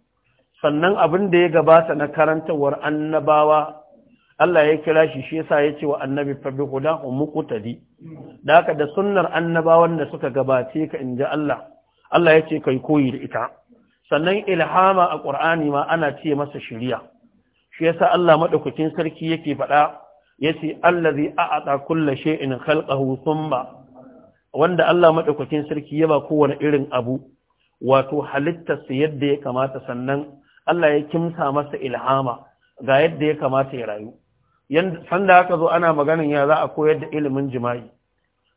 sannan abin da ya gabata na karantawar annabawa Allah ya kira shi shi yasa ya ce wa annabi fabi huda kutadi da ka da sunnar annabawan da suka gabace ka inji Allah Allah ya ce kai koyi da ita sannan ilhama a ƙur'ani ma ana ce masa shiriya shi yasa Allah madaukakin sarki yake faɗa yace allazi a'ata kulli shay'in khalqahu thumma wanda Allah madaukakin sarki ya ba kowane irin abu wato halittarsa yadda ya kamata sannan Allah ya kimsa masa ilhama ga yadda ya kamata ya rayu sanda haka zo ana maganin ya za a koyar da ilimin jima'i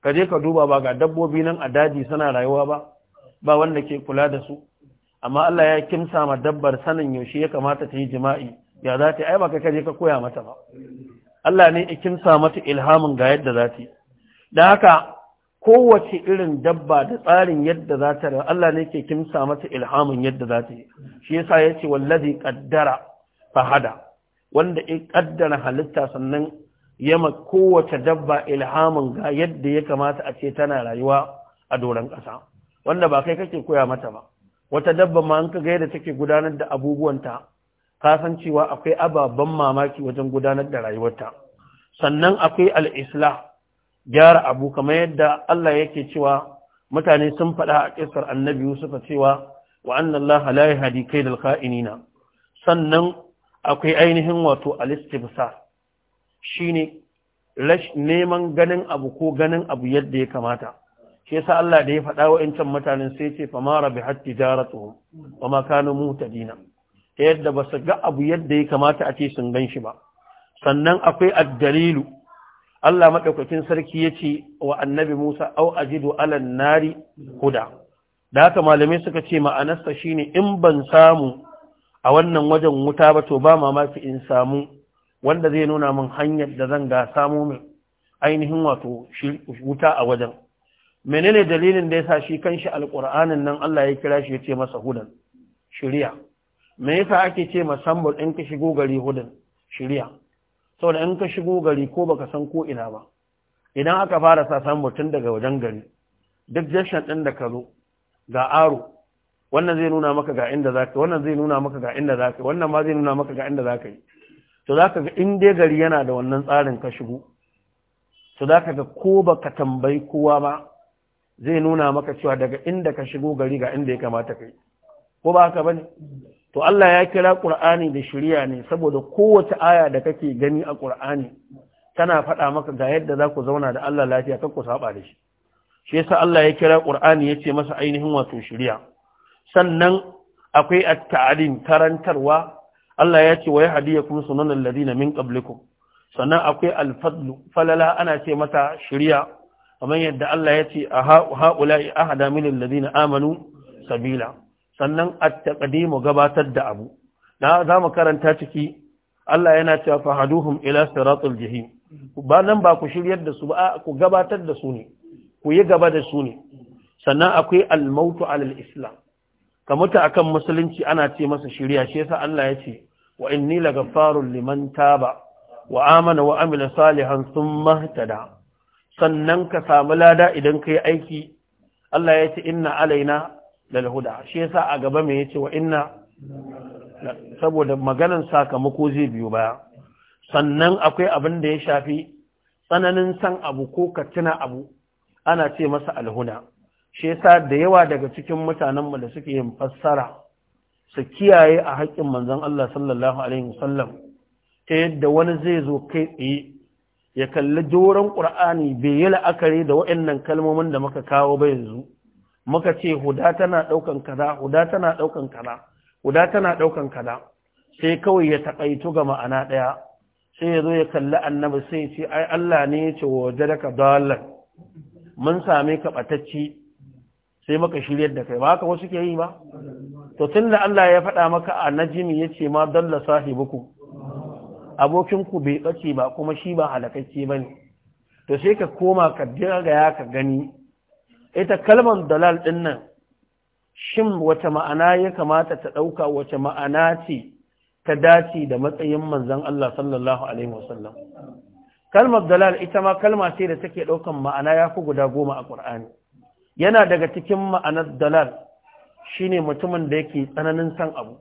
ka je ka duba ba ga dabbobi nan a daji suna rayuwa ba ba wanda ke kula da su amma Allah ya kimsa ma dabbar sanin yaushe ya kamata ta yi jima'i ya za ta yi ai ba ka je ka koya mata ba Allah ne ya kimsa mata ilhamin ga yadda za ta yi da haka kowace irin dabba da tsarin yadda za ta rayu Allah ne ke kimsa mata ilhamin yadda za ta yi shi yasa ya ce wallazi kaddara fahada wanda ya kaddara halitta sannan yama kowace dabba ilhamin ga yadda ya kamata a ce tana rayuwa a doron ƙasa wanda ba kai kake koya mata ba wata dabba ma an ka ga yadda take gudanar da abubuwanta ka san cewa akwai ababen mamaki wajen gudanar da rayuwarta sannan akwai al-islah gyara abu kamar yadda Allah yake cewa mutane sun faɗa a ƙisar annabi suka cewa wa annan Allah hadi kai kaidal sannan akwai ainihin wato al shi ne neman ganin abu ko ganin abu yadda ya kamata shi yasa Allah da ya faɗa wa incan mutanen sai ce famara bi hatti tsohon? wa ma kanu mutadina ta yadda ba su ga abu yadda ya kamata a ce sun gan shi ba sannan akwai addalilu Allah madaukakin sarki yace wa annabi Musa au ajidu alan nari huda da haka malamai suka ce ma'anarsa shine in ban samu a wannan wajen wuta ba to ba mamaki in samu wanda zai nuna min hanyar da zan ga samu mai ainihin wato wuta a wajen menene dalilin da yasa shi kanshi alqur'anin nan Allah ya kira shi ya ce masa hudan Shirya. me yasa ake ce musamman in ka shigo gari hudan Shirya. saboda in ka shigo gari ko baka san ko ina ba idan aka fara sa san mutum daga wajen gari duk jashan din da ka zo ga aro wannan zai nuna maka ga inda zaka wannan zai nuna maka ga inda zaka wannan ma zai nuna maka ga inda zaka yi to zaka ga in dai gari yana da wannan tsarin ka shigo to zaka ga ko baka tambayi kowa ba zai nuna maka cewa daga inda ka shigo gari ga inda ya kamata kai ko ba haka bane to Allah ya kira Kur'ani da shiriya ne saboda kowace aya da kake gani a ƙur'ani tana faɗa maka ga yadda za ku zauna da Allah lafiya kan ku saba da shi shi yasa Allah ya kira Kur'ani ya ce masa ainihin wato shiriya. sannan akwai at-ta'lim karantarwa Allah ya ce wa yahdiyakum sunanal ladina min qablikum sannan akwai al-fadlu falala ana ce mata shiriya kamar yadda Allah ya ce a ha'ula'i ahada min alladhina amanu sabila sannan at-taqdimu gabatar da abu na za mu karanta ciki Allah yana cewa fahaduhum ila siratul jahim ba nan ba ku shiryar da su ba ku gabatar da su ne ku yi gaba da su ne sannan akwai al-mautu alal islam ka mutu akan musulunci ana ce masa shirya shi yasa Allah ya ce wa inni lagafarun liman taba wa amana wa amila salihan thumma ihtada sannan ka samu lada idan kai aiki Allah ya ce inna alaina lalhuda shi yasa a gaba me yace wa inna saboda maganan sakamako zai biyo baya sannan akwai abin da ya shafi tsananin san abu ko ka abu ana ce masa alhuda shi yasa da yawa daga cikin mutanenmu da suke yin fassara su kiyaye a haƙƙin manzon Allah sallallahu alaihi wasallam ta yadda wani zai zo kai tsaye ya kalli doron ƙur'ani bai yi la'akari da waɗannan kalmomin da muka kawo ba yanzu muka ce huda tana ɗaukan kaza huda tana ɗaukan kaza huda tana ɗaukan kaza sai kawai ya taƙaitu ga ma'ana ɗaya sai ya zo ya kalli annabi sai ce ai Allah ne ya ce waje da ka mun same ka batacci sai muka shiryar da kai ba haka wasu ke yi ba to tun da Allah ya faɗa maka a najimi ya ce ma dalla abokin ku bai ɓace ba kuma shi ba halakacce ba ne to sai ka koma ka jira ya ka gani ita kalmar dalal ɗin nan shin wace ma'ana ya kamata ta ɗauka wace ma'ana ce ta dace da matsayin manzan Allah sallallahu Alaihi wasallam kalmar dalal ita ma kalma ce da take ɗaukan ma'ana ya fi guda goma a ƙur'ani yana daga cikin ma'anar dalal shine mutumin da yake tsananin san abu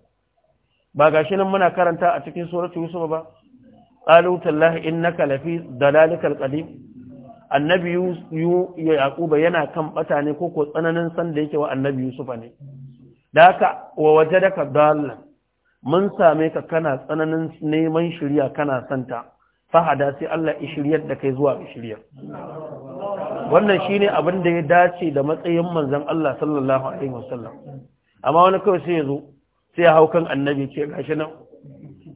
ba ga shi nan muna karanta a cikin suratu yusuf ba qalu tallahi innaka lafi dalalikal qadim annabi yaquba yana kan bata ne ko tsananin san da yake wa annabi yusufa ne da haka wa wajadaka dallan mun same ka kana tsananin neman shirya kana santa fahada sai Allah ya shiryar da kai zuwa shirya wannan shine abin da ya dace da matsayin manzon Allah sallallahu alaihi wasallam amma wani kawai sai ya zo sai ya hau kan annabi ce gashi nan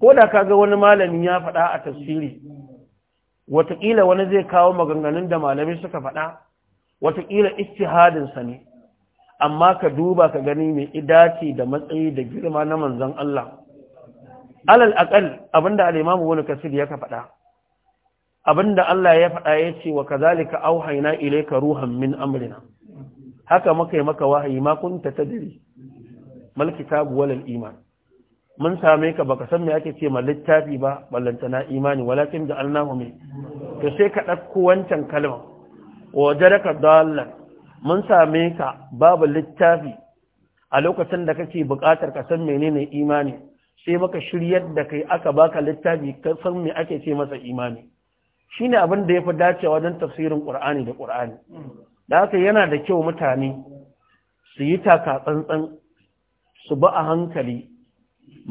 ko da kaga wani malami ya faɗa a tafsiri wataƙila wani zai kawo maganganun da malamai suka faɗa wataƙila istihadinsa ne amma ka duba ka gani mai idaci da matsayi da girma na manzan Allah alal aqal abinda al-imamu wani kasir ya ka faɗa abinda Allah ya faɗa ya ce wa kazalika auhayna ilayka ruhan min amrina haka muka yi maka wahayi ma kunta tadri mal wal iman mun same ka baka san me ake ce ma littafi ba ballantana imani walakin da Allah mu to sai ka ɗauko wancan kalma jaraka dalla mun same ka babu littafi a lokacin da kake buƙatar ka san menene imani sai maka shiryar da kai aka baka littafi ka san me ake ce masa imani shine abin da yafi dacewa don tafsirin Qur'ani da Qur'ani da haka yana da kyau mutane su yi taka tsantsan su ba a hankali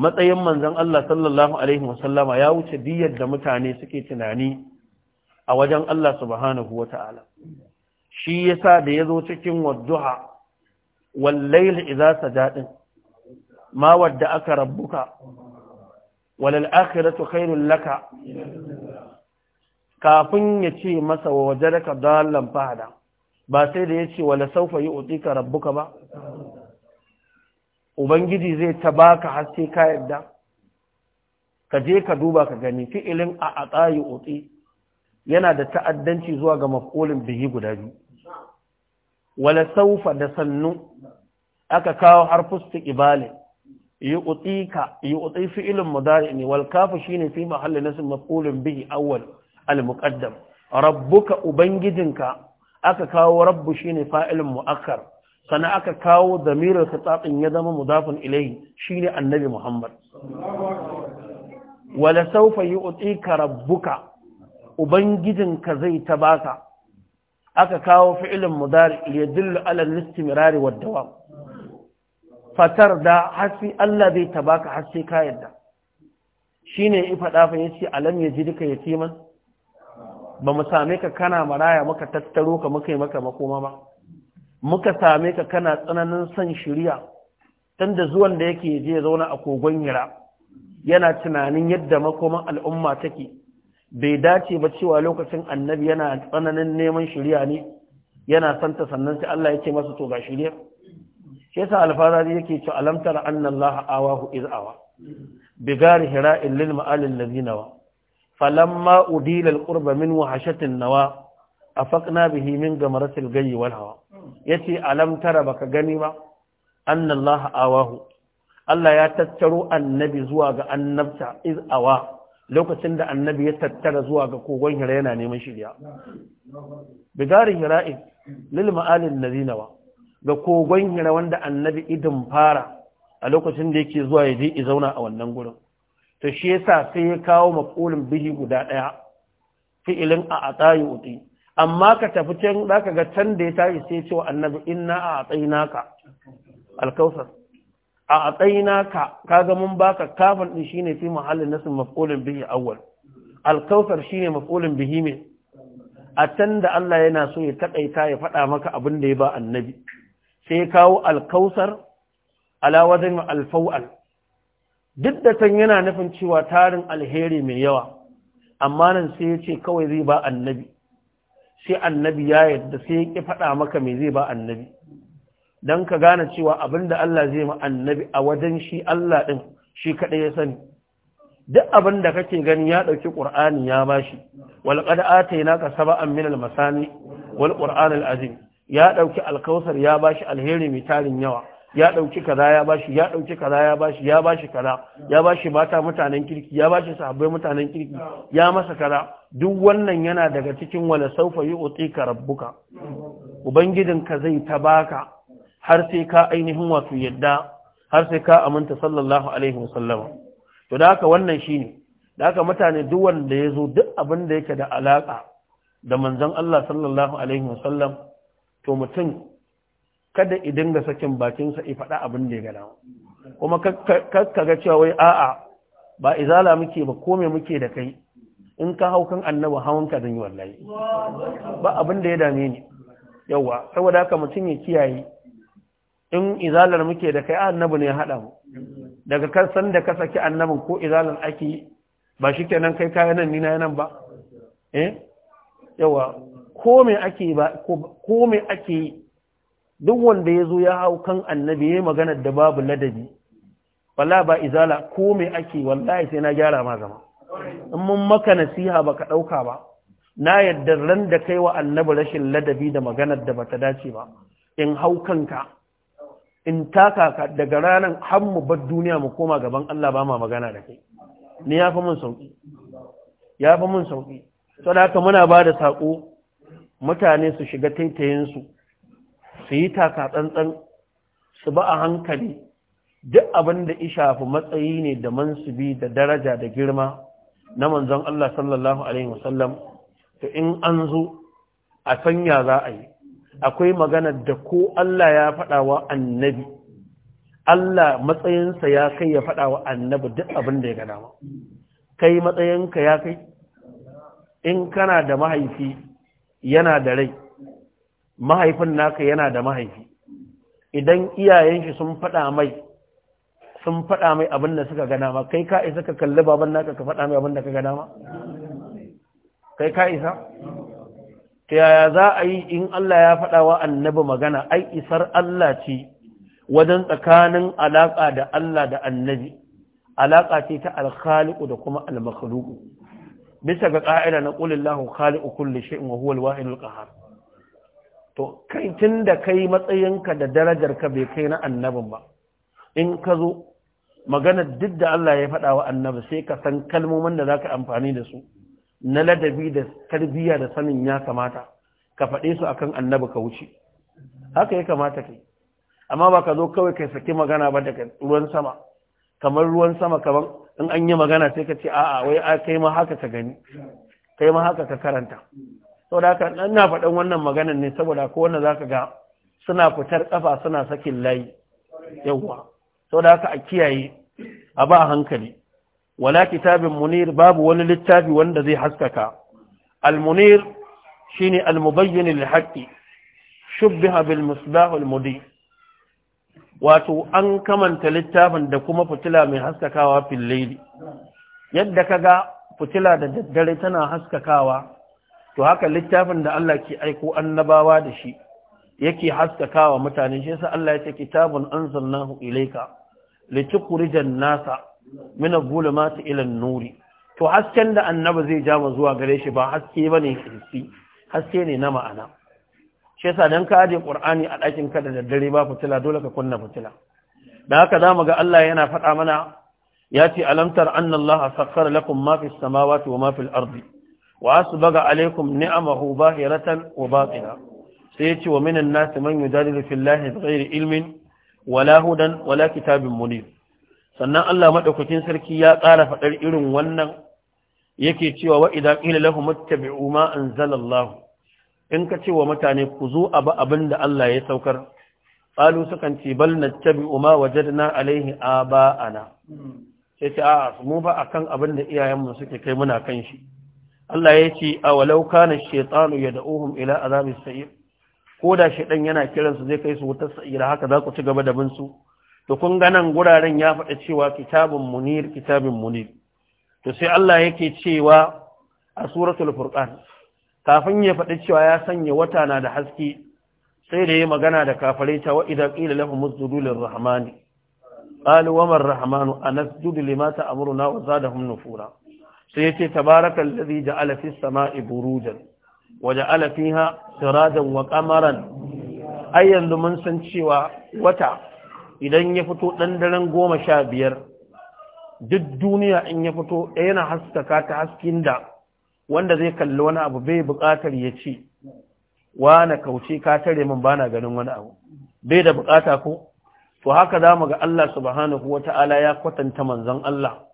matsayin manzon Allah sallallahu alaihi wasallama ya wuce diyar da mutane suke tunani a wajen Allah subhanahu wata'ala shi yasa da ya zo cikin wadduha wal layl idza sajadin ma wadda aka rabbuka walal akhiratu khairul laka kafin ya ce masa wa ka dalan fahada ba sai da ya ce wala saufa yi utika rabbuka ba ubangiji zai ta ka haske ka yadda ka je ka duba ka gani fi'ilin a yi utsi yana da ta'addanci zuwa ga maf'ulin bihi guda biyu Wale saufa da sannu aka kawo harfus ibalin ne يؤتي فعل shi ne fi mahalli محل نصب مفعول به اول المقدم Rabbuka ubangijinka aka kawo rabbu shine fa'ilin mu'akkar sana aka kawo damirar tsatsin ya zama mudafin shi shine annabi Muhammad yi sawfa ka rabbuka ubangijinka zai ta baka aka kawo fi'ilin mudari ya dillu ala listimrari wa fatar da hasi Allah zai ta baka hasi ka yadda ne ifa fada ya ce alam ya ji duka ce man ba mu same ka kana maraya maka tattaro ka muka yi maka makoma ba muka same ka kana tsananin son shirya Tanda da zuwan da yake je zauna a kogon yara, yana tunanin yadda makoman al'umma take bai dace ba cewa lokacin annabi yana tsananin neman shirya ne yana santa sannan sai Allah ya ce masa to ga shirya shi yasa alfarari yake cewa alamtar tara awahu iz awa bigari hira'in lil ma'alil ladina wa falamma udila al min wahashatin nawa afaqna bihi min gamaratil gayyi wal hawa yace alam tara baka gani ba annallaha awahu Allah ya tattaro annabi zuwa ga annabta iz awa lokacin da annabi ya tattara zuwa ga kogon hira yana neman shirya bigarin hira'in lil ma'alin nazinawa ga kogon hira wanda annabi idin fara a lokacin da yake zuwa ya je ya zauna a wannan gurin to shi yasa sai ya kawo maqulun bihi guda daya fi'ilin a atayu uti amma ka tafi can za ka ga can da ya tashi sai cewa annabi inna a atsayina naka, alkausar a atsayina ka kaga mun baka kafin din shine fi mahallin nasin maf'ulin bihi awwal alkausar shine maf'ulin bihi me a can da Allah yana so ya takaita ya faɗa maka abin da ya ba annabi sai kawo alkausar ala wajen alfawal duk da can yana nufin cewa tarin alheri mai yawa amma nan sai ya ce kawai zai ba annabi sai annabi ya yadda sai ya ƙi faɗa maka me zai ba annabi don ka gane cewa abinda Allah zai ma annabi a wajen shi Allah ɗin shi kaɗai ya sani duk abin da kake gani ya ɗauki ƙur'ani ya ba shi walƙada ataina ka saba an minal masani wal ƙur'an al'azim ya ɗauki alkausar ya ba shi alheri mai tarin yawa ya ɗauki kaza ya ba shi ya ɗauki kaza ya ba shi ya ba shi kaza ya ba shi mata mutanen kirki ya ba shi sahabbai mutanen kirki ya masa kaza duk wannan yana daga cikin wala saufa yi ka rabbuka ubangijinka zai ta ka har sai ka ainihin wato yadda har sai ka aminta sallallahu alaihi wasallama to da haka wannan shine da haka mutane duk wanda ya zo duk abin da yake da alaƙa da manzan Allah sallallahu alaihi wasallam to mutum kada idan ga sakin bakinsa i faɗa abin da ya gana kuma kakka ga cewa wai a'a ba izala muke ba kome muke da kai in ka hau kan annabi hawan ka zan yi wallahi ba abin da ya dame ni yawa saboda haka mutum ya kiyaye in izalar muke da kai annabi ne ya hada mu daga kan san da ka saki annabin ko izalar ake ba shikenan kai kayan nan ni na nan ba eh yawa ko me ake ba ko me ake duk wanda ya zo ya hau kan annabi ya yi maganar da babu ladabi wallahi ba izala ko me ake wallahi sai na gyara ma zama in mun maka nasiha ka ɗauka ba na yadda ran da kai wa annabi rashin ladabi da maganar da bata dace ba in hau kanka in taka ka daga ranar har mu bar duniya mu koma gaban Allah ba ma magana da kai ni ya fi mun sauƙi ya fi mun sauƙi to da haka muna ba da saƙo mutane su shiga taitayinsu su yi taka tsantsan su ba a hankali duk abin da ishafi matsayi ne da mansubi da daraja da girma na manzon Allah sallallahu alaihi wasallam to in an zo a sanya za a yi akwai magana da ko Allah ya faɗawa annabi Allah matsayinsa ya kai ya faɗawa annabi duk abin da ya gada ma kai matsayinka ya kai in kana da mahaifi yana da rai mahaifin naka yana da mahaifi idan iyayen shi sun faɗa mai sun faɗa mai abin da suka gana ma kai ka isa ka kalli baban naka ka faɗa mai abin da ka gana ma kai ka isa ta yaya za a yi in Allah ya faɗa wa annabi magana ai isar Allah ce wajen tsakanin alaƙa da Allah da annabi alaƙa ce ta alkhaliku da kuma almakhluku bisa ga ƙa'ida na ƙulillahu khaliqu kulli shay'in wa huwa al-wahidul qahhar to kai tunda kai matsayinka da darajarka bai kai na annabin ba in ka zo magana duk da Allah ya faɗa wa annabi sai ka san kalmomin da za ka amfani da su na ladabi da tarbiyya da sanin ya kamata ka faɗe su akan annabi ka wuce haka ya kamata kai amma ba ka zo kawai kai saki magana ba daga ruwan sama kamar ruwan sama kaman in an yi magana sai ka ce a'a wai kai ma haka ka gani kai ma haka ka karanta saboda haka ina faɗan wannan maganar ne saboda ko wanda zaka ga suna fitar kafa suna sakin layi yawwa saboda haka a kiyaye a ba hankali wala kitabin munir babu wani littafi wanda zai haskaka Almunir munir shine al-mubayyin lil-haqqi bil musbah al-mudi wato an kamanta littafin da kuma fitila mai haskakawa fil layli yadda kaga fitila da daddare tana haskakawa to haka littafin da Allah ke aiko annabawa da shi yake haskakawa mutane shi yasa Allah ya ce kitabun anzalnahu ilayka litukhrijan nasa min adh-dhulumati ila nuri to hasken da annabi zai ja zuwa gare shi ba haske bane kirsi haske ne na ma'ana shi yasa dan ka aje qur'ani a ɗakin ka da daddare ba fitila dole ka kunna fitila da haka zamu ga Allah yana faɗa mana ya ce alamtar anna Allah sakkara lakum ma fis samawati wa ma fil ardi wa asbaga alaykum ni'amahu bahiratan wa batina sai ya ce wa minan nas man yujadilu fillahi bighairi ilmin wala hudan wala kitabin munir sannan Allah madaukakin sarki ya ƙara faɗar irin wannan yake cewa wa idan qila lahum ittabi'u ma anzalallahu in ka ce wa mutane ku zo abu abin da Allah ya saukar qalu sukan ce bal nattabi'u ma wajadna alaihi aba'ana sai ce a mu ba akan abin da iyayenmu suke kai muna kan shi Allah ya ce a walau kana shaytanu yad'uhum ila azabis sa'ir ko da shi ɗan yana kiransu zai kai su wutar sa'ira haka za ku ci gaba da bin su to kun ga guraren ya faɗa cewa kitabun munir kitabun munir to sai Allah yake cewa a suratul furqan kafin ya faɗi cewa ya sanya wata na da haske sai da ya magana da kafare ta wa idan qila lahum musjudu lirrahman qalu wa man rahmanu anasjudu lima ta'muruna wa zadahum nufura sai yace tabarakal ladhi ja'ala fis sama'i burujan waje fiha sirajan wa qamaran ai yanzu mun san cewa wata idan ya fito ɗan daren goma sha biyar duk duniya in ya fito yana haskaka ta haskin da wanda zai kalli wani abu bai buƙatar ya ce na kauce ka tare min bana ganin wani abu bai da buƙata ko to haka za mu ga Allah subhanahu wata'ala ya kwatanta manzon Allah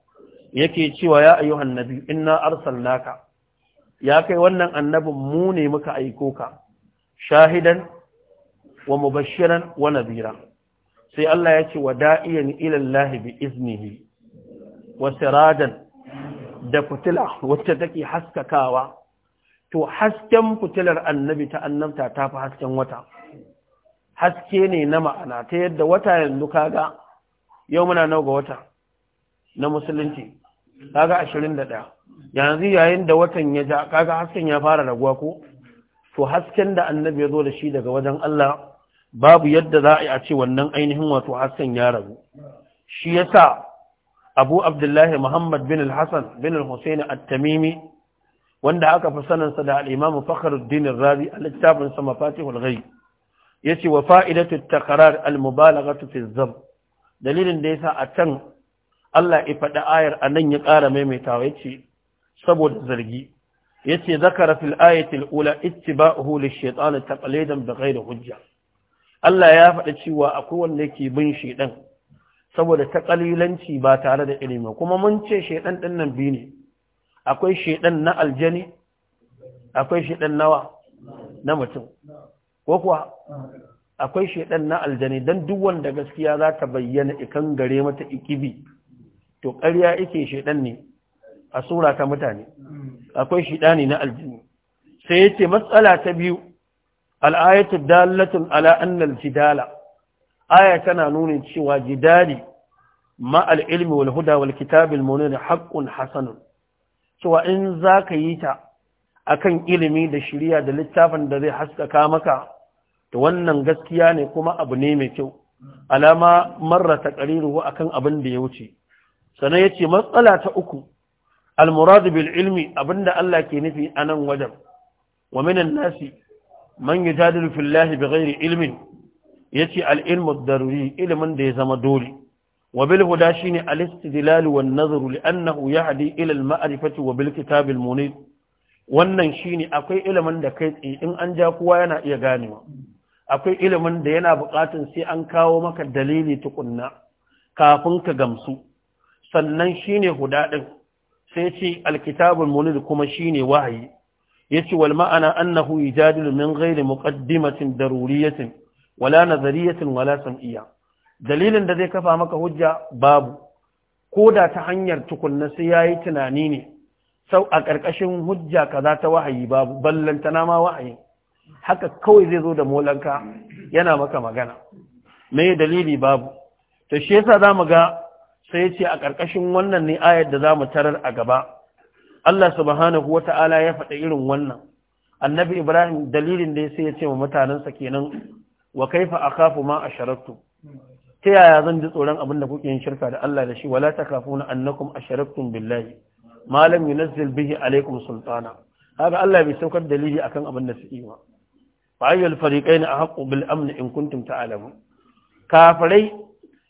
yake cewa ya ayyuhan nabi inna arsalnaka ya kai wannan annabin mu ne muka aiko ka shahidan wa mubashiran wa nadhira sai Allah ya ce wada'iyan ila Allah bi iznihi wa siradan da fitila wacce take haskakawa to hasken fitilar annabi ta annabta ta fi hasken wata haske ne na ma'ana ta yadda wata yanzu kaga yau muna nau ga wata na musulunci kaga ashirin da ɗaya yanzu yayin da watan ya ja kaga hasken ya fara raguwa ko to hasken da annabi ya zo da shi daga wajen Allah babu yadda za a ce wannan ainihin wato hasken ya ragu shi yasa Abu Abdullahi Muhammad bin Al-Hasan bin al At-Tamimi wanda aka fi sanansa da al-Imam Fakhruddin Razi a littafin sa Mafatihul Ghaib yace wa fa'idatu at-taqrar al-mubalaghatu fi az dalilin da yasa a can Allah ya faɗi ayar anan ya ƙara maimaitawa yace saboda zargi yace zakara fil ayati al-ula ittiba'uhu lish-shaytan taqlidan bighayri hujja Allah ya faɗa cewa akwai wanda yake bin shaiɗan, saboda taqalilanci ba tare da ilimi kuma mun ce shaytan din nan bi ne akwai shaytan na aljani akwai shaytan nawa na mutum ko kuwa akwai shaytan na aljani dan duk wanda gaskiya za ta bayyana ikan gare mata ikibi to ƙarya yake shaiɗan ne a sura ta mutane akwai ne na aljini sai yace matsala ta biyu al'ayatu dalatun ala jidala aya tana nuna cewa jidali ma ilmi wal huda wal kitabil munin haƙƙun hasanun cewa in zaka yi ta akan ilimi da shirya da littafin da zai haskaka maka to wannan gaskiya ne kuma abu ne mai kyau alama marra a akan abin da ya wuce Sannan ya ce matsala ta uku almuradu bil ilmi abinda Allah ke nufi anan wajen wa minan nasi man yujadilu fillahi bi ghairi ilmin yace al ilmu daruri ilmin da ya zama dole wa bil huda shine al istidlal wan nazar li annahu yahdi ila al ma'rifati wa bil kitab al munir wannan shine akwai ilimin da kai in an ja kowa yana iya ganewa akwai ilimin da yana buƙatun sai an kawo maka dalili tukunna kafin ka gamsu sannan shine huda din sai ce alkitabul munir kuma shine wahayi yace wal ma'ana annahu yajadilu min ghairi muqaddimatin daruriyatin wala nazariyatin wala sam'iyya dalilin da zai kafa maka hujja babu ko da ta hanyar tukunna sai yayi tunani ne sau a ƙarƙashin hujja kaza ta wahayi babu ballantana ma wahayi haka kawai zai zo da molanka yana maka magana me dalili babu to shi yasa zamu ga sai ya ce a ƙarƙashin wannan ne ayar da za mu tarar a gaba Allah subhanahu wa ta'ala ya faɗa irin wannan annabi Ibrahim dalilin da ya sai ya ce wa mutanensa kenan wa kaifa akhafu ma asharaktu ta yaya zan ji tsoron abin da kuke yin shirka da Allah da shi wala takafuna annakum asharaktum billahi ma lam yunzil bihi alaikum sultana haka Allah bai saukar dalili akan abin da su yi ba fa ayyul fariqain ahqqu bil amn in kuntum ta'lamun kafirai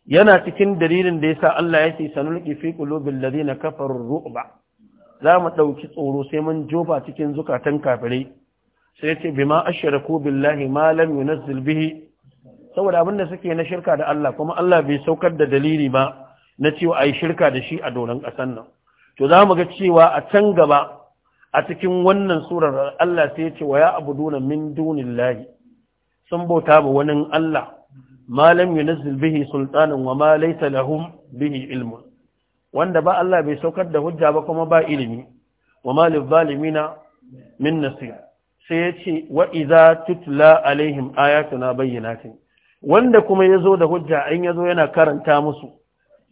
yana cikin dalilin da yasa Allah ya ce sanulqi fi qulubil ladina kafaru ru'ba za mu dauki tsoro sai mun joba cikin zukatan kafirai sai yace bima ashraku billahi ma lam yunzil bihi saboda abinda suke na shirka da Allah kuma Allah bai saukar da dalili ba na cewa ai shirka da shi a doran kasan nan to za mu ga cewa a can gaba a cikin wannan surar Allah sai ya ce wa ya abuduna min dunillahi sun bauta ba wani Allah ma lam yunzil bihi sultanan wa ma laysa lahum bihi ilmun wanda ba Allah bai saukar da hujja ba kuma ba ilimi wa ma lizzalimina min nasir sai yace wa idza tutla alaihim ayatuna bayyinatin wanda kuma yazo da hujja in yazo yana karanta musu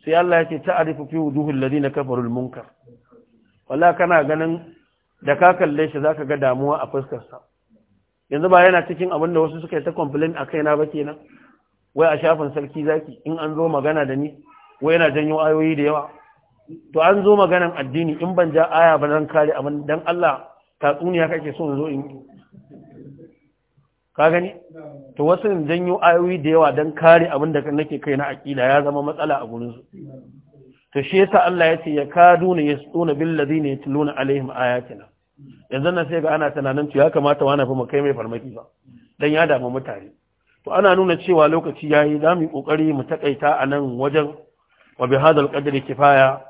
sai Allah yake ta'arifu fi wujuhil ladina kafaru al munkar wala kana ganin da ka kalle shi zaka ga damuwa a fuskar sa yanzu ba yana cikin abin da wasu suka yi ta complain akai na ba kenan wai a shafin sarki zaki in an zo magana da ni wai yana janyo ayoyi da yawa to an zo maganan addini in ban ja aya ba zan kare amma dan Allah tatsuniya kake so zo in ka gani to wasu in janyo ayoyi da yawa dan kare abin da nake kai na aqida ya zama matsala a gurin su to shi yasa Allah ya ce ya kaduna yasuna bil ladina yatluna alaihim ayatina yanzu nan sai ga ana tunanin to ya kamata wani fa mu kai mai farmaki ba dan ya damu mutane to ana nuna cewa lokaci yayi za mu kokari mu takaita a nan wajen wa bi hadal qadri kifaya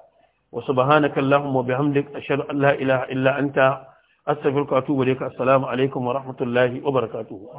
wa subhanaka allahumma wa bihamdik ashhadu an la ilaha illa anta astaghfiruka wa atubu ilaik assalamu alaikum wa rahmatullahi wa barakatuh